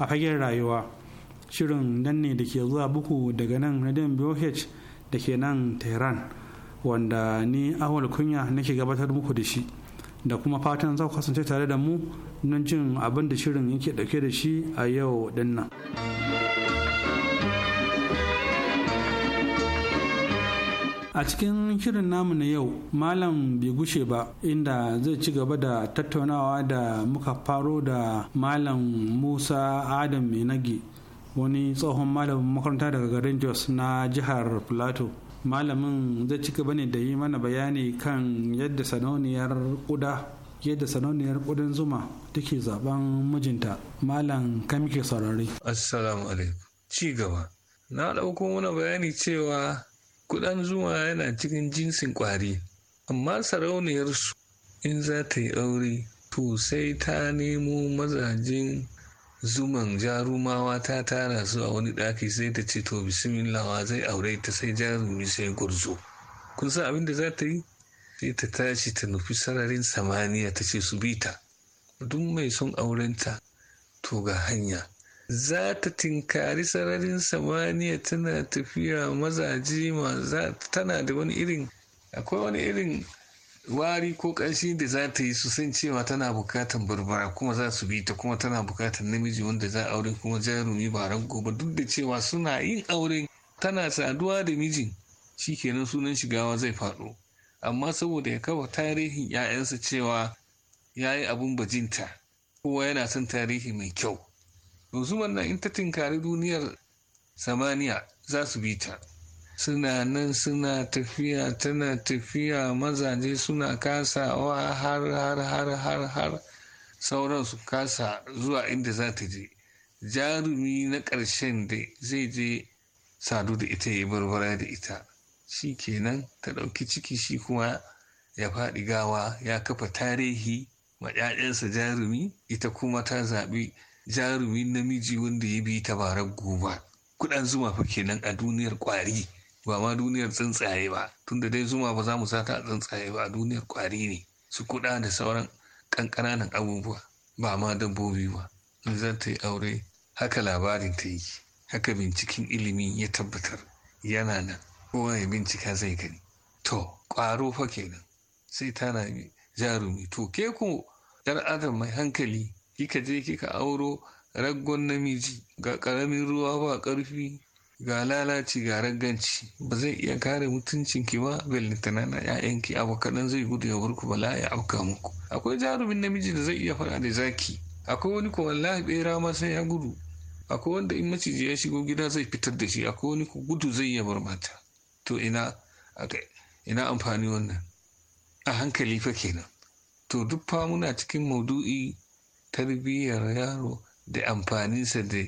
a fagen rayuwa shirin nan ne da ke zuwa buku daga nan radio boh da ke nan tehran wanda ni awal kunya nake gabatar muku da shi da kuma fatan za ku kasance tare da mu don jin abin da shirin yake dauke da shi a yau dinnan. a cikin shirin namu na yau malam bai gushe ba inda zai ci gaba da tattaunawa da muka faro da malam musa adam menage wani tsohon malamin makaranta daga garin jos na jihar plateau malamin zai ci gaba ne da yi mana bayani kan yadda sanoniyar kuda yadda sanoniyar kudin zuma take zaben mijinta malam kan muke saurari assalamu alaikum ci gaba na ɗauko mana bayani cewa kudan zuma yana cikin jinsin kwari amma sarauniyar su in za ta yi aure to sai ta nemo mazajin zuman jarumawa ta tara su a wani ɗaki sai ta ce to bismillawa zai aure ta sai jarumi sai gurzo kun san abin da za ta yi sai ta tashi ta nufi sararin samaniya ta ce su bita duk mai son aurenta to ga hanya za ta tinkari sararin samaniya tana tafiya mazaje tana da wani irin akwai wani irin wari ko ƙanshi da za ta yi su san cewa tana bukatan barbara kuma za su bi ta kuma tana bukatan namiji wanda za aure kuma jarumi ba rango ba duk da cewa suna yin aure tana saduwa da mijin kenan sunan shigawa zai faɗo amma saboda ya kawo tarihin 'ya'yansa cewa ya yi abin bajinta kowa yana son tarihi mai kyau yanzu wannan in ta tinkari duniyar samaniya za su bi ta suna nan suna tafiya tana tafiya mazaje suna kasawa har har har har har sauran su kasa zuwa inda za ta je jarumi na ƙarshen da zai je sadu da ita ya barbara da ita shi kenan ta ɗauki ciki shi kuma ya faɗi gawa ya kafa tarihi ma 'ya'yansa jarumi ita kuma ta zaɓi jarumi namiji wanda ya bi ta tabarar guba kuɗan zuma fa kenan a duniyar ƙwari ba ma duniyar tsuntsaye ba tunda dai zuma ba za mu sata a tsuntsaye ba duniyar kwari ne su kuɗa da sauran ƙanƙananan abubuwa ba ma dabbobi ba in za ta yi aure haka labarin ta yi haka binciken ilimi ya tabbatar yana nan kowa ya bincika zai gani to ƙwaro fa kenan sai tana jarumi to ke ku yar adam mai hankali kika je kika auro raggon namiji ga ƙaramin ruwa ba ƙarfi ga lalaci ga ragganci ba zai iya kare mutuncinki ba bellantana na 'ya'yanki abu kaɗan zai gudu ya barku bala ya auka muku akwai jarumin namiji da zai iya faɗa da zaki akwai wani ko wallahi bera ma sai ya gudu akwai wanda in maciji ya shigo gida zai fitar da shi akwai wani ko gudu zai iya bar mata to ina ina amfani wannan a hankali fa kenan to duk fa muna cikin maudu'i tarbiyyar yaro da amfaninsa da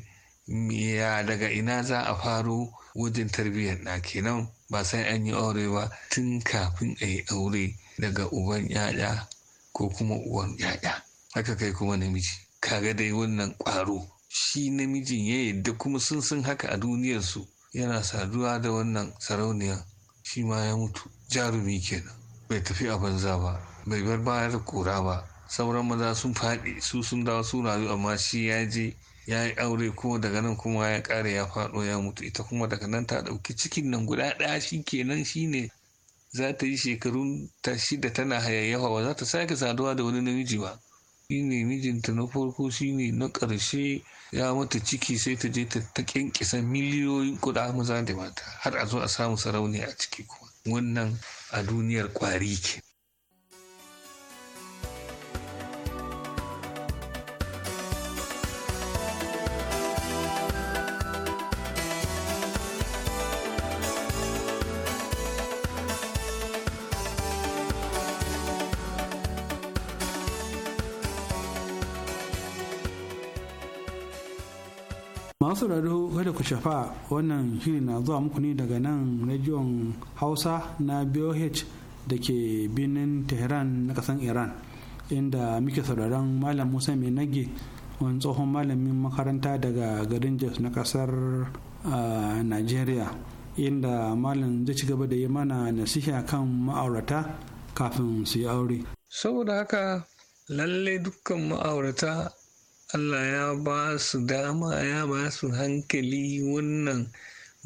ya daga ina za a faro wajen tarbiyyar Na kenan ba sai an yi aure ba tun kafin a yi aure daga uban yaya ko kuma uwan yaya haka kai kuma namiji kaga dai wannan ƙwaro shi namijin ya yadda kuma sun sun haka a duniyarsu yana saduwa da wannan sarauniya shi ma ya mutu jarumi kenan bai tafi a banza ba bai bar bayar kura ba sauran maza sun faɗi su sun dawo su rayu amma shi ya je ya yi aure kuma daga nan kuma ya ƙare ya faɗo ya mutu ita kuma daga nan ta ɗauki cikin nan guda ɗaya shi kenan shi ne za ta yi shekarun ta shida tana hayayyafa ba za ta sake saduwa da wani namiji ba shi ne mijinta na farko shi ne na ƙarshe ya mata ciki sai ta je ta ta miliyoyin kuɗa maza da mata har a zo a samu sarauniya a ciki kuma wannan a duniyar ƙwari ke masu sauraro kada ku shafa wannan shiri na zuwa muku ne daga nan rajiyon hausa na boh da ke birnin tehran na kasan iran inda muke sauraron malam musa mai nage wani tsohon malamin makaranta daga garin jos na kasar nigeria inda malam zai ci gaba da yi mana nasiha kan ma'aurata kafin su yi aure saboda haka lalle dukkan ma'aurata Allah ya ba su dama ya ba su hankali wannan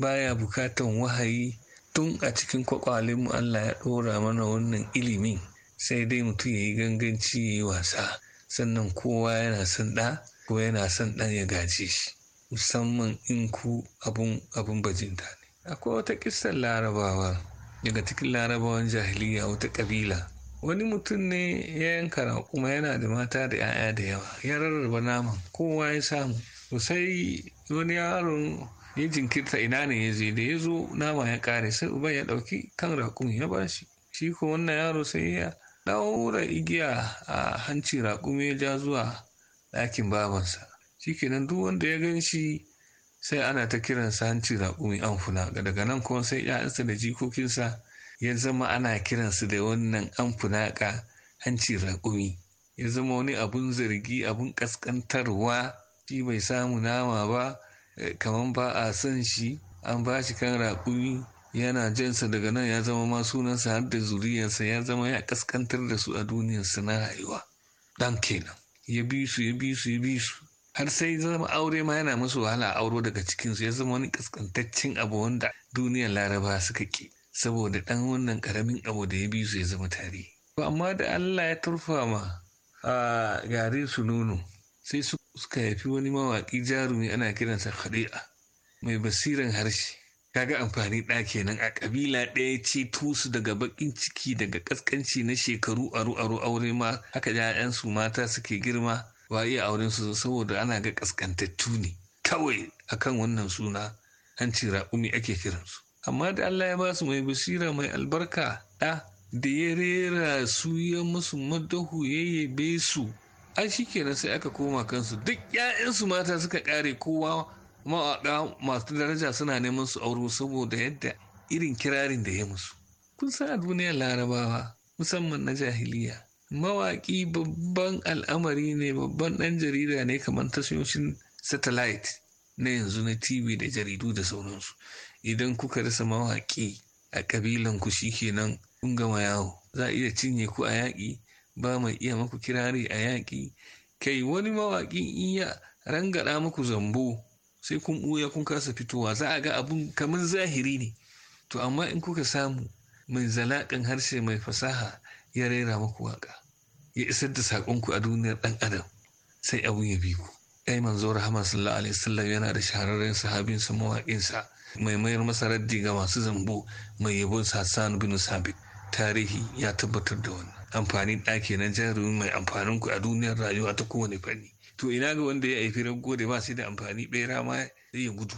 baya bukatan wahayi tun a cikin kwakwalinmu Allah ya ɗora mana wannan ilimin sai dai mutum ya yi ganganci ya yi wasa sannan kowa yana son ɗa ko yana son ɗan ya gaje shi musamman in ku abun abun bajinta ne akwai wata kisan larabawa daga cikin larabawan jahiliya wata ƙabila wani mutum ne ya yanka na kuma yana da mata da 'ya'ya da yawa ya rarraba naman kowa ya samu sai wani yaron ya jinkirta ina ne ya je da ya zo nama ya kare sai uban ya ɗauki kan raƙumi ya bashi shi ko wannan yaro sai ya ɗaura igiya a hanci raƙumi ya ja zuwa ɗakin babansa shikenan duk wanda ya gan shi sai ana ta kiransa hanci raƙumi an funa daga nan kuma sai 'ya'yansa da jikokinsa ya zama ana kiransu da wannan an funaka hanci raƙumi ya zama wani abun zargi abun ƙasƙantarwa shi bai samu nama ba eh, kamar ba a son shi an ba shi kan raƙumi yana jansa daga nan ya zama ma sunansa har da zuriyarsa ya zama ya ƙasƙantar da su a duniyarsa na rayuwa dan kenan ya bi su ya bi su ya bi su har sai zama aure ma yana musu wahala auro daga cikinsu ya zama wani ƙasƙantaccen abu wanda duniyar laraba suka ke. saboda ɗan wannan ƙaramin abu da ya bi su ya zama tare to amma da Allah ya turfa ma a gare su nono sai suka haifi wani mawaƙi jarumi ana kiransa khadi'a mai basiran harshe ga amfani ɗa kenan a ƙabila ɗaya ce tusu daga baƙin ciki daga ƙasƙanci na shekaru aru aru aure ma haka ‘ya'yansu mata suke girma ba iya auren su saboda ana ga ƙasƙantattu ne kawai akan wannan suna an ce raƙumi ake kiransu amma da Allah ya ba su mai basira mai albarka ɗa da ya rera su ya musu madahu ya yabe su ai kenan sai aka koma kansu duk 'ya'yansu mata suka ƙare kowa mawaƙa masu daraja suna neman su auro saboda yadda irin kirarin da ya musu kun san a duniyar larabawa musamman na jahiliya mawaƙi babban al'amari ne babban ɗan jarida ne kamar tashoshin satellite na yanzu na tv da jaridu da sauransu idan kuka rasa mawaƙi a ƙabilanku shi nan. kun gama yawo za a iya cinye ku a yaƙi ba mai iya maku kirari a yaƙi kai wani mawaƙin iya rangaɗa maku zambo sai kun ɓuya kun kasa fitowa za a ga abun kamar zahiri ne to amma in kuka samu mai zalaƙan harshe mai fasaha ya rera maku waƙa ya isar da saƙonku a duniyar ɗan adam sai abun ya bi ku ai manzo rahama sallallahu alaihi wasallam yana da shahararren sahabinsa mawaƙinsa mai mayar masa ga masu zambo mai yabon sassan bin sabit tarihi ya tabbatar da wani. amfani ɗaki na jarumi mai amfanin ku a duniyar rayuwa ta kowane fanni to ina ga wanda ya haifi rago da ba shi da amfani ɓera ma zai ya gudu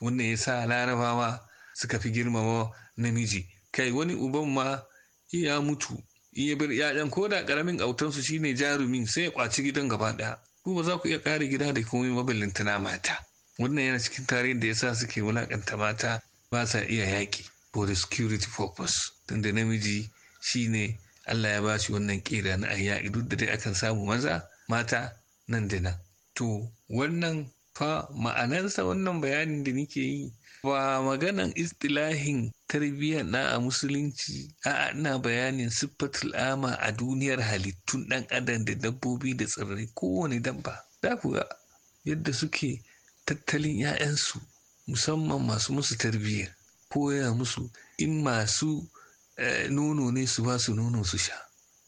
wannan ya sa larabawa suka fi girmama namiji kai wani uban ma ya mutu Ya bar ƴaƴan ko da ƙaramin autansu shine jarumin sai ya kwaci gidan gaba ɗaya ku ba za ku iya ƙara gida da komai tana mata wannan yana cikin tarihin da yasa suke wulakanta mata ba sa iya yaƙi for the security purpose tunda namiji shine Allah ya ba shi wannan ƙera na yaƙi duk da dai akan samu maza mata nan da nan to wannan fa ma'anarsa wannan bayanin da nike yi ba maganan istilahin tarbiyyar na a musulunci a ina bayanin siffatul ama a duniyar halittun ɗan adam da dabbobi da tsirrai kowane dabba za ku ga yadda suke tattalin 'ya'yansu musamman masu musu tarbiyya koya musu in masu eh, nono ne su ba su nono su sha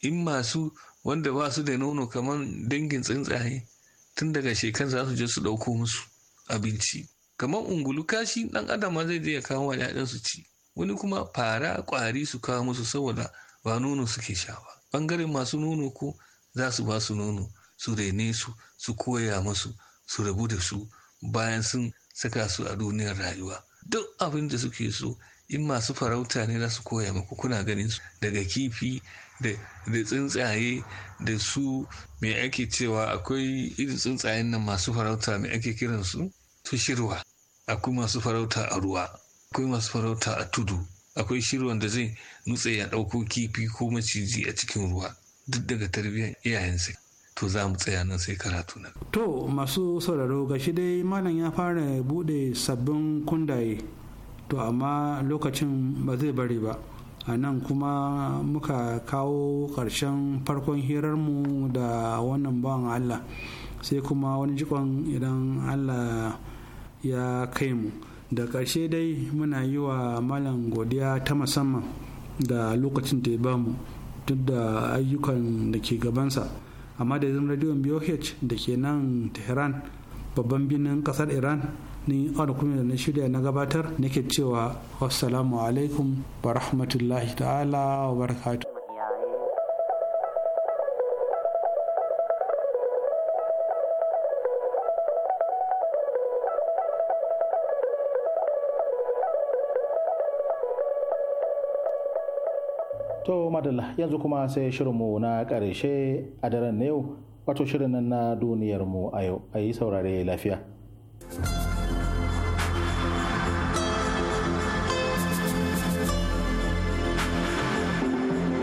in masu wanda ba su da nono kamar dangin tsuntsaye tun daga shekar za su je su ɗauko musu abinci kamar ungulu kashi ɗan adam ma zai je ya kawo wa su ci wani kuma fara ƙwari su kawo musu saboda ba nono suke sha ba ɓangaren masu nono ko za su ba su nono su rene su su koya musu su rabu da su bayan sun saka su a duniyar rayuwa duk abin da suke so in masu farauta ne za su koya muku kuna ganin su daga kifi da tsuntsaye da su mai ake cewa akwai irin tsuntsayen nan masu farauta mai ake kiran su shirwa akwai masu farauta a ruwa akwai masu farauta a tudu akwai shirwan da zai nutse ya ɗauko kifi ko maciji a cikin ruwa duk daga tarbiyyar iyayensa to za mu tsaya nan sai karatu na to masu sauraro gashi dai malam ya fara bude sabbin kundaye to amma lokacin ba zai bari ba a nan kuma muka kawo ƙarshen farkon hirar mu da wannan bawan allah sai kuma wani jikon idan allah ya kai mu da ƙarshe dai muna yi wa malam godiya ta musamman da lokacin da ya bamu duk da ayyukan da ke gabansa a madadin radiyon BOH da ke nan Tehran babban birnin kasar Iran ni da kuma da na shirya na gabatar nake cewa wassalamu alaikum wa rahmatullahi ta'ala wa barakatuh To madalla yanzu kuma sai shirinmu na ƙarshe a daren na yau wato shirin nan na duniyarmu a yau a yi saurare lafiya.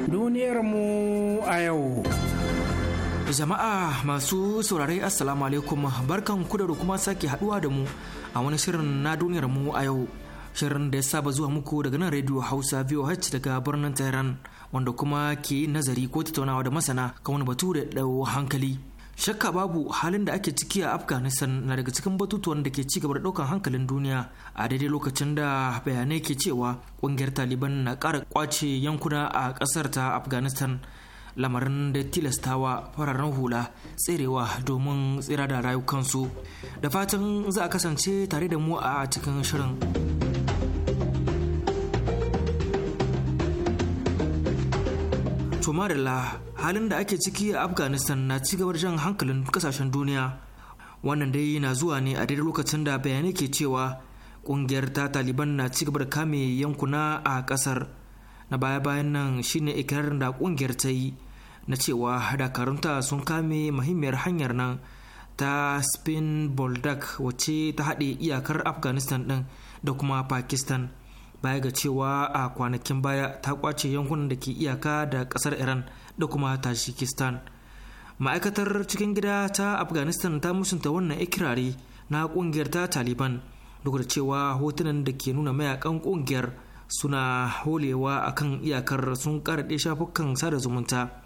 Duniyarmu a yau. Jama'a masu saurare Assalamu alaikum barkan ku da kuma sake haduwa da mu a wani shirin na duniyarmu a yau. shirin da ya saba zuwa muku daga nan rediyo hausa voh daga birnin tehran wanda kuma ke nazari ko tattaunawa da masana kan wani batu da ɗau hankali shakka babu halin da ake ciki a afghanistan na daga cikin batutuwan da ke ci gaba da ɗaukar hankalin duniya a daidai lokacin da bayanai ke cewa ƙungiyar taliban na ƙara kwace yankuna a ƙasar ta afghanistan lamarin da tilastawa fararen hula tserewa domin tsira da rayukansu da fatan za a kasance tare da mu a cikin shirin. to marilla halin da ake ciki a afghanistan na cigabar jan hankalin kasashen duniya wannan dai na zuwa ne a daidai lokacin da bayanai ke cewa kungiyar ta taliban na cigabar da kame yankuna a kasar na baya-bayan nan shine ikirarin da kungiyar ta yi na cewa dakarunta sun kame mahimmiyar hanyar nan ta spin boldak wacce ta haɗe iyakar afghanistan ɗin da kuma pakistan baya ga cewa a kwanakin baya ta kwace yankunan da ke iyaka da kasar iran da kuma tajikistan ma'aikatar cikin gida ta afghanistan ta musunta wannan ikirari na kungiyar ta taliban duk da cewa hotunan da ke nuna mayakan kungiyar suna holewa akan iyakar sun karaɗe shafukan sada zumunta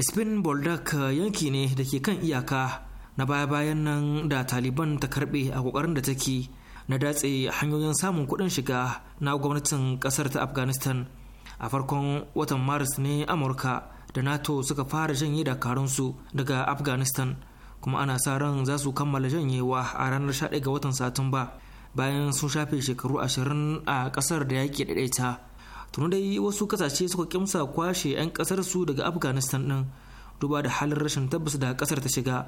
spin boldak yanki ne da ke kan iyaka na baya-bayan nan da taliban ta karbe a kokarin da take na datse hanyoyin samun kuɗin shiga na gwamnatin ƙasar ta afghanistan a farkon watan maris ne amurka da nato suka fara janye dakarunsu daga afghanistan kuma ana sa ran za su kammala janyewa a ranar 11 ga watan satumba bayan sun shafe shekaru 20 a kasar da yaƙi daidaita tunu dai wasu kasashe suka kimsa kwashe 'yan kasar su daga afghanistan din duba da halin rashin tabbas da kasar ta shiga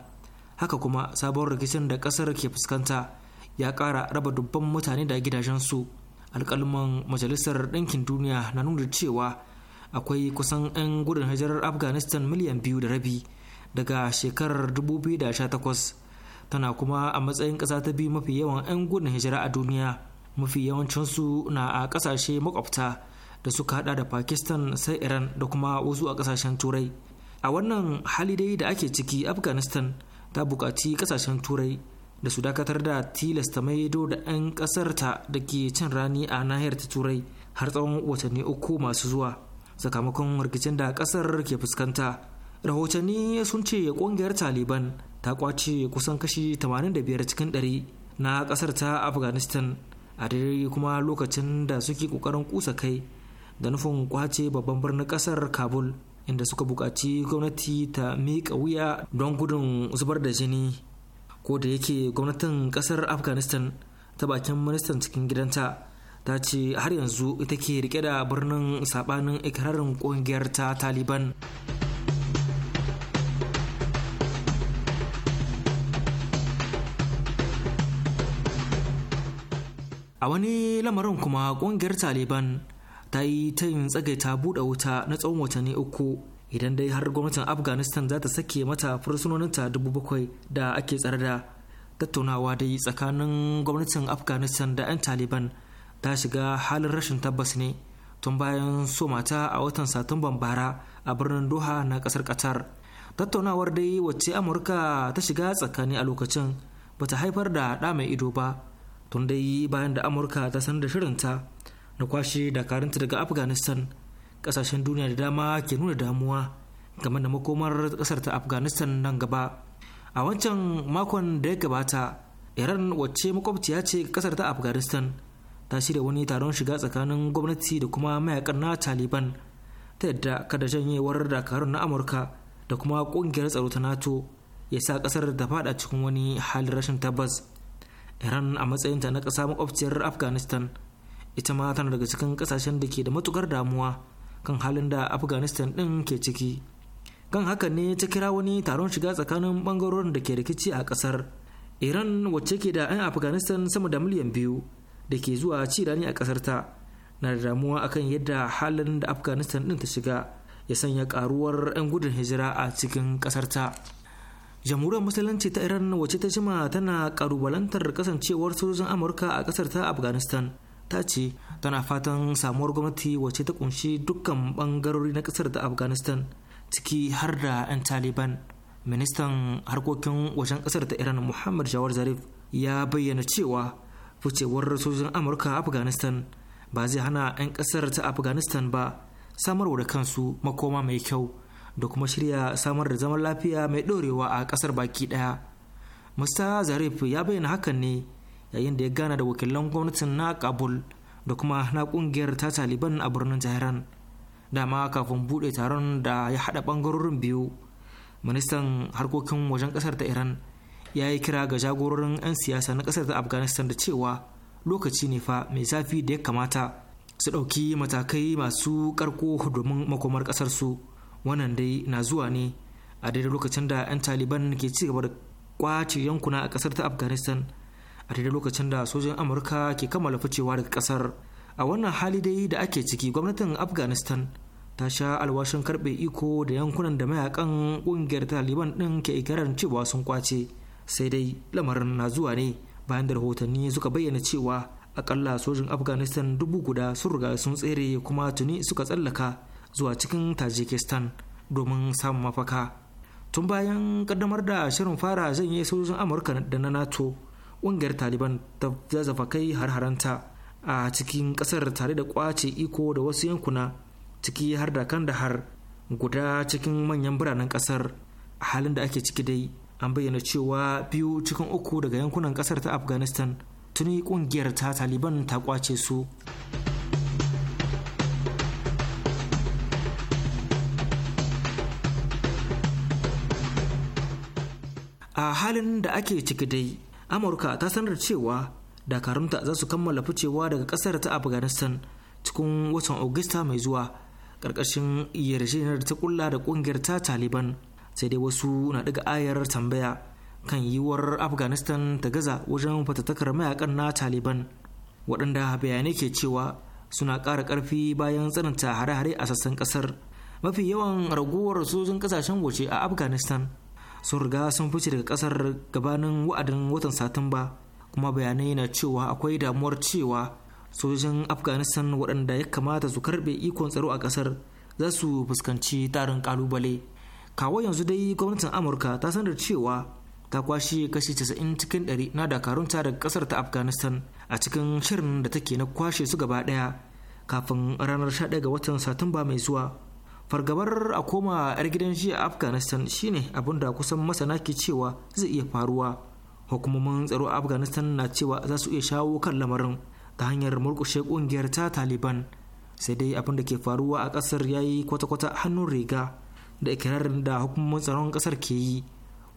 haka kuma sabon rikicin da kasar ke fuskanta ya kara raba dubban mutane da gidajensu alkalman majalisar ɗinkin duniya na nuna cewa akwai kusan 'yan gudun hijirar afghanistan miliyan biyu da rabi daga shekarar 2018 tana kuma a matsayin ƙasa ta biyu mafi yawan 'yan gudun hijira a duniya mafi yawancinsu na a ƙasashe makwabta da suka hada da pakistan sai iran da kuma wasu a ƙasashen turai a wannan hali dai da ake ciki afghanistan ta buƙaci ƙasashen turai da su dakatar da tilasta maido da 'yan ƙasarta da ke cin rani a nahiyar ta turai har tsawon watanni uku masu zuwa sakamakon rikicin da ƙasar ke fuskanta rahotanni sun ce ƙungiyar taliban ta kwace kusan kashi 85 cikin ɗari na ƙasarta ta afghanistan a daidai kuma lokacin da suke ƙoƙarin kusa kai da nufin kwace babban birnin ƙasar kabul inda suka buƙaci gwamnati ta miƙa wuya don gudun zubar da jini ko da yake gwamnatin kasar afghanistan ta bakin ministan cikin gidanta ta ce har yanzu ita ke rike da birnin sabanin ikirarin kungiyar ta taliban a wani lamarin kuma kungiyar taliban ta yi tayin tsagaita buɗe wuta na tsawon watanni uku idan dai har gwamnatin afghanistan za ta sake mata fursunoninta dubu bakwai da ake tsare da tattaunawa dai tsakanin gwamnatin afghanistan da 'yan taliban ta shiga halin rashin tabbas ne tun bayan so mata a watan satumban bara a birnin doha na kasar qatar tattaunawar dai wacce amurka ta shiga tsakani a lokacin bata haifar da ɗa mai ido ba tun dai bayan da amurka ta sanar da shirinta na kwashe dakarunta daga afghanistan kasashen duniya da dama ke nuna damuwa game da makomar kasar ta afghanistan nan gaba a wancan makon da ya gabata iran wacce makwabciya ce kasar ta afghanistan ta shirya wani taron shiga tsakanin gwamnati da kuma mayakan na taliban ta yadda kada janyewar dakarun na amurka da kuma kungiyar tsaro ta nato ya sa kasar da fada cikin wani halin rashin tabbas iran a matsayinta na kasa makwabciyar afghanistan ita ma tana daga cikin kasashen da ke da matukar damuwa kan halin da afghanistan din ke ciki kan haka ne ta kira wani taron shiga tsakanin bangarorin da ke rikici a kasar. iran wacce ke da 'yan afghanistan sama da miliyan biyu da ke zuwa ci rani a kasar ta na da damuwa akan yadda halin da afghanistan din ta shiga ya sanya karuwar 'yan gudun hijira a cikin kasar ta jamhuriyar musulunci ta iran wacce ta jima tana karubalantar kasancewar sojojin amurka a kasar ta afghanistan ta ce tana fatan samuwar gwamnati wacce ta kunshi dukkan bangarori na kasar ta afghanistan ciki har da 'yan taliban ministan harkokin wajen kasar ta iran muhammad jawar zarif ya bayyana cewa ficewar sojin amurka afghanistan ba zai hana 'yan kasar ta afghanistan ba samarwa da kansu makoma mai kyau da kuma shirya samar da zaman lafiya mai dorewa a kasar baki daya musta zarif ya bayyana hakan ne yayin da ya gana da wakilan gwamnatin na kabul da kuma na kungiyar ta taliban a birnin tehran dama kafin bude taron da ya hada bangarorin biyu ministan harkokin wajen kasar ta iran ya yi kira ga jagororin 'yan siyasa na kasar ta afghanistan da cewa lokaci ne fa mai zafi da ya kamata su ɗauki matakai masu karko domin makomar kasar su wannan dai na zuwa ne a daidai lokacin da 'yan taliban ke ci gaba da kwace yankuna a kasar ta afghanistan a daidai lokacin da sojin amurka ke kammala ficewa daga kasar a wannan hali dai da ake ciki gwamnatin afghanistan ta sha alwashin karbe iko da yankunan da mayakan kungiyar taliban din ke ikirarin cewa sun kwace sai dai lamarin na zuwa ne bayan da rahotanni suka bayyana cewa akalla sojin afghanistan dubu guda sun riga sun tsere kuma tuni suka tsallaka zuwa cikin tajikistan domin samun mafaka tun bayan kaddamar da shirin fara janye sojin amurka da na nato ƙungiyar taliban ta zazzafa kai har-haranta a cikin ƙasar tare da kwace iko da wasu yankuna ciki har da kan da har guda cikin manyan biranen ƙasar a halin da ake ciki dai an bayyana cewa biyu cikin uku daga yankunan ƙasar ta afghanistan tuni ƙungiyar ta taliban ta kwace su a halin da ake ciki dai amurka ta sanar cewa dakarunta za su kammala ficewa daga kasar ta afghanistan cikin watan augusta mai zuwa ƙarƙashin yarjejeniyar ta kulla da ƙungiyar ta taliban sai dai wasu na daga ayar tambaya kan yiwuwar afghanistan ta gaza wajen fatattakar mayakan na taliban waɗanda bayanai ke cewa suna ƙara ƙarfi bayan tsananta hare-hare a sassan ƙasar mafi yawan raguwar sojojin ƙasashen waje a afghanistan sun riga sun fice daga kasar gabanin wa'adin watan satumba kuma bayanai na cewa akwai damuwar cewa sojojin afghanistan waɗanda ya kamata su karɓe ikon tsaro a ƙasar za su fuskanci tarin kalubale kawo yanzu dai gwamnatin amurka ta sanar cewa ta kwashe kashi casa'in cikin ɗari na dakarunta daga ƙasar ta afghanistan a cikin shirin da take na kwashe su gaba ɗaya kafin ranar 11 ga watan satumba mai zuwa fargabar a koma 'yar gidan jiya afghanistan shine abin da kusan masana ke cewa zai iya faruwa hukumomin tsaro afghanistan na cewa za su iya shawo kan lamarin ta hanyar murkushe kungiyar ta taliban sai dai abin da ke faruwa a kasar ya yi kwata-kwata hannun riga da ikirarin da hukumomin tsaron kasar ke yi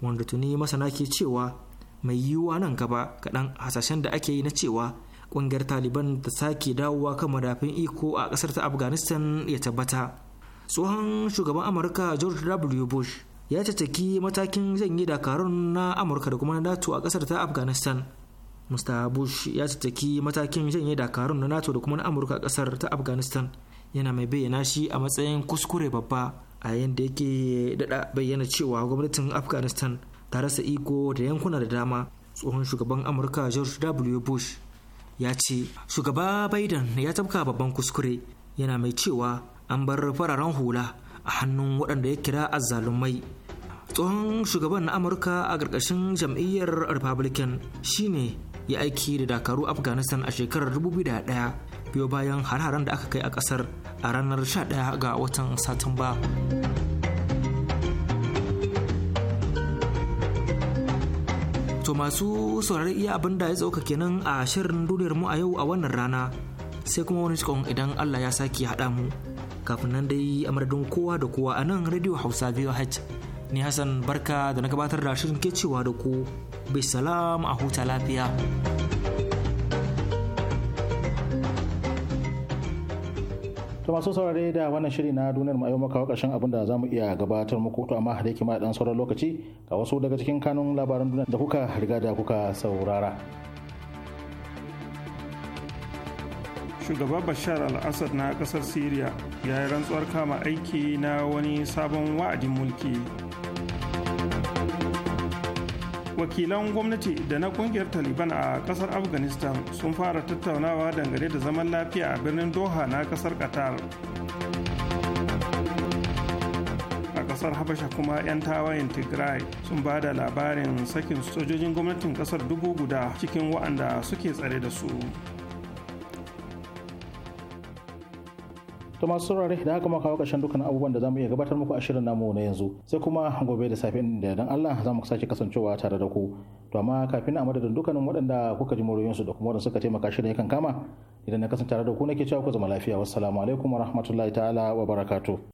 wanda tuni masana ke cewa mai yiwuwa nan gaba kaɗan hasashen da ake yi na cewa kungiyar taliban ta sake dawowa kan madafin iko a kasar ta afghanistan ya tabbata tsohon shugaban amurka george w bush ya cataki matakin yi dakarun na amurka da kuma na nato a kasar ta afghanistan mr bush ya cataki matakin yi dakarun na nato da kuma na amurka a kasar ta afghanistan yana mai bayyana shi a matsayin kuskure babba a yayin da yake dada bayyana cewa gwamnatin afghanistan ta rasa iko da yankuna da dama tsohon shugaban amurka george w bush ya ce shugaba biden ya tabka babban kuskure yana mai cewa an bar fararen hula a hannun waɗanda ya kira azzalumai tsohon shugaban na amurka a ƙarƙashin jam'iyyar republican shine ya aiki da dakaru afghanistan a shekarar 2001 biyo bayan har-haren da aka kai a ƙasar a ranar 11 ga watan satumba to masu saurari iya abin da ya tsauka kenan a shirin duniyar mu a yau a wannan rana sai kuma wani cikon idan allah ya sake haɗa mu kafin nan dai a madadin kowa da kowa a nan radio hausa biyu hajj ni hassan barka da na gabatar da shirin ke cewa da ku bai bisalam a huta lafiya to masu saurare da wannan shiri na duniyar mu a yau maka ƙarshen abin da za mu iya gabatar muku to amma da yake ma dan sauran lokaci ga wasu daga cikin kanun labaran duniya da kuka riga da kuka saurara shugaba bashar al-assad na kasar syria ya yi rantsuwar kama aiki na wani sabon wa'adin mulki wakilan gwamnati da na kungiyar taliban a kasar afghanistan sun fara tattaunawa dangane da zaman lafiya a birnin doha na kasar qatar a kasar habasha kuma 'yan tawayen tigray sun ba da labarin sakin sojojin gwamnatin kasar dubu guda cikin wa'anda suke tsare da su to masu saurare da haka muka kawo ƙarshen dukkan abubuwan da zamu iya gabatar muku a shirin namu na yanzu sai kuma gobe da safe da dan Allah za mu sake kasancewa tare da ku to amma kafin a madadin dukkanin waɗanda kuka ji muryoyin su da kuma waɗanda suka taimaka shirin yakan kama idan na kasance tare da ku nake cewa ku zama lafiya wassalamu alaikum wa ta'ala wa barakatuh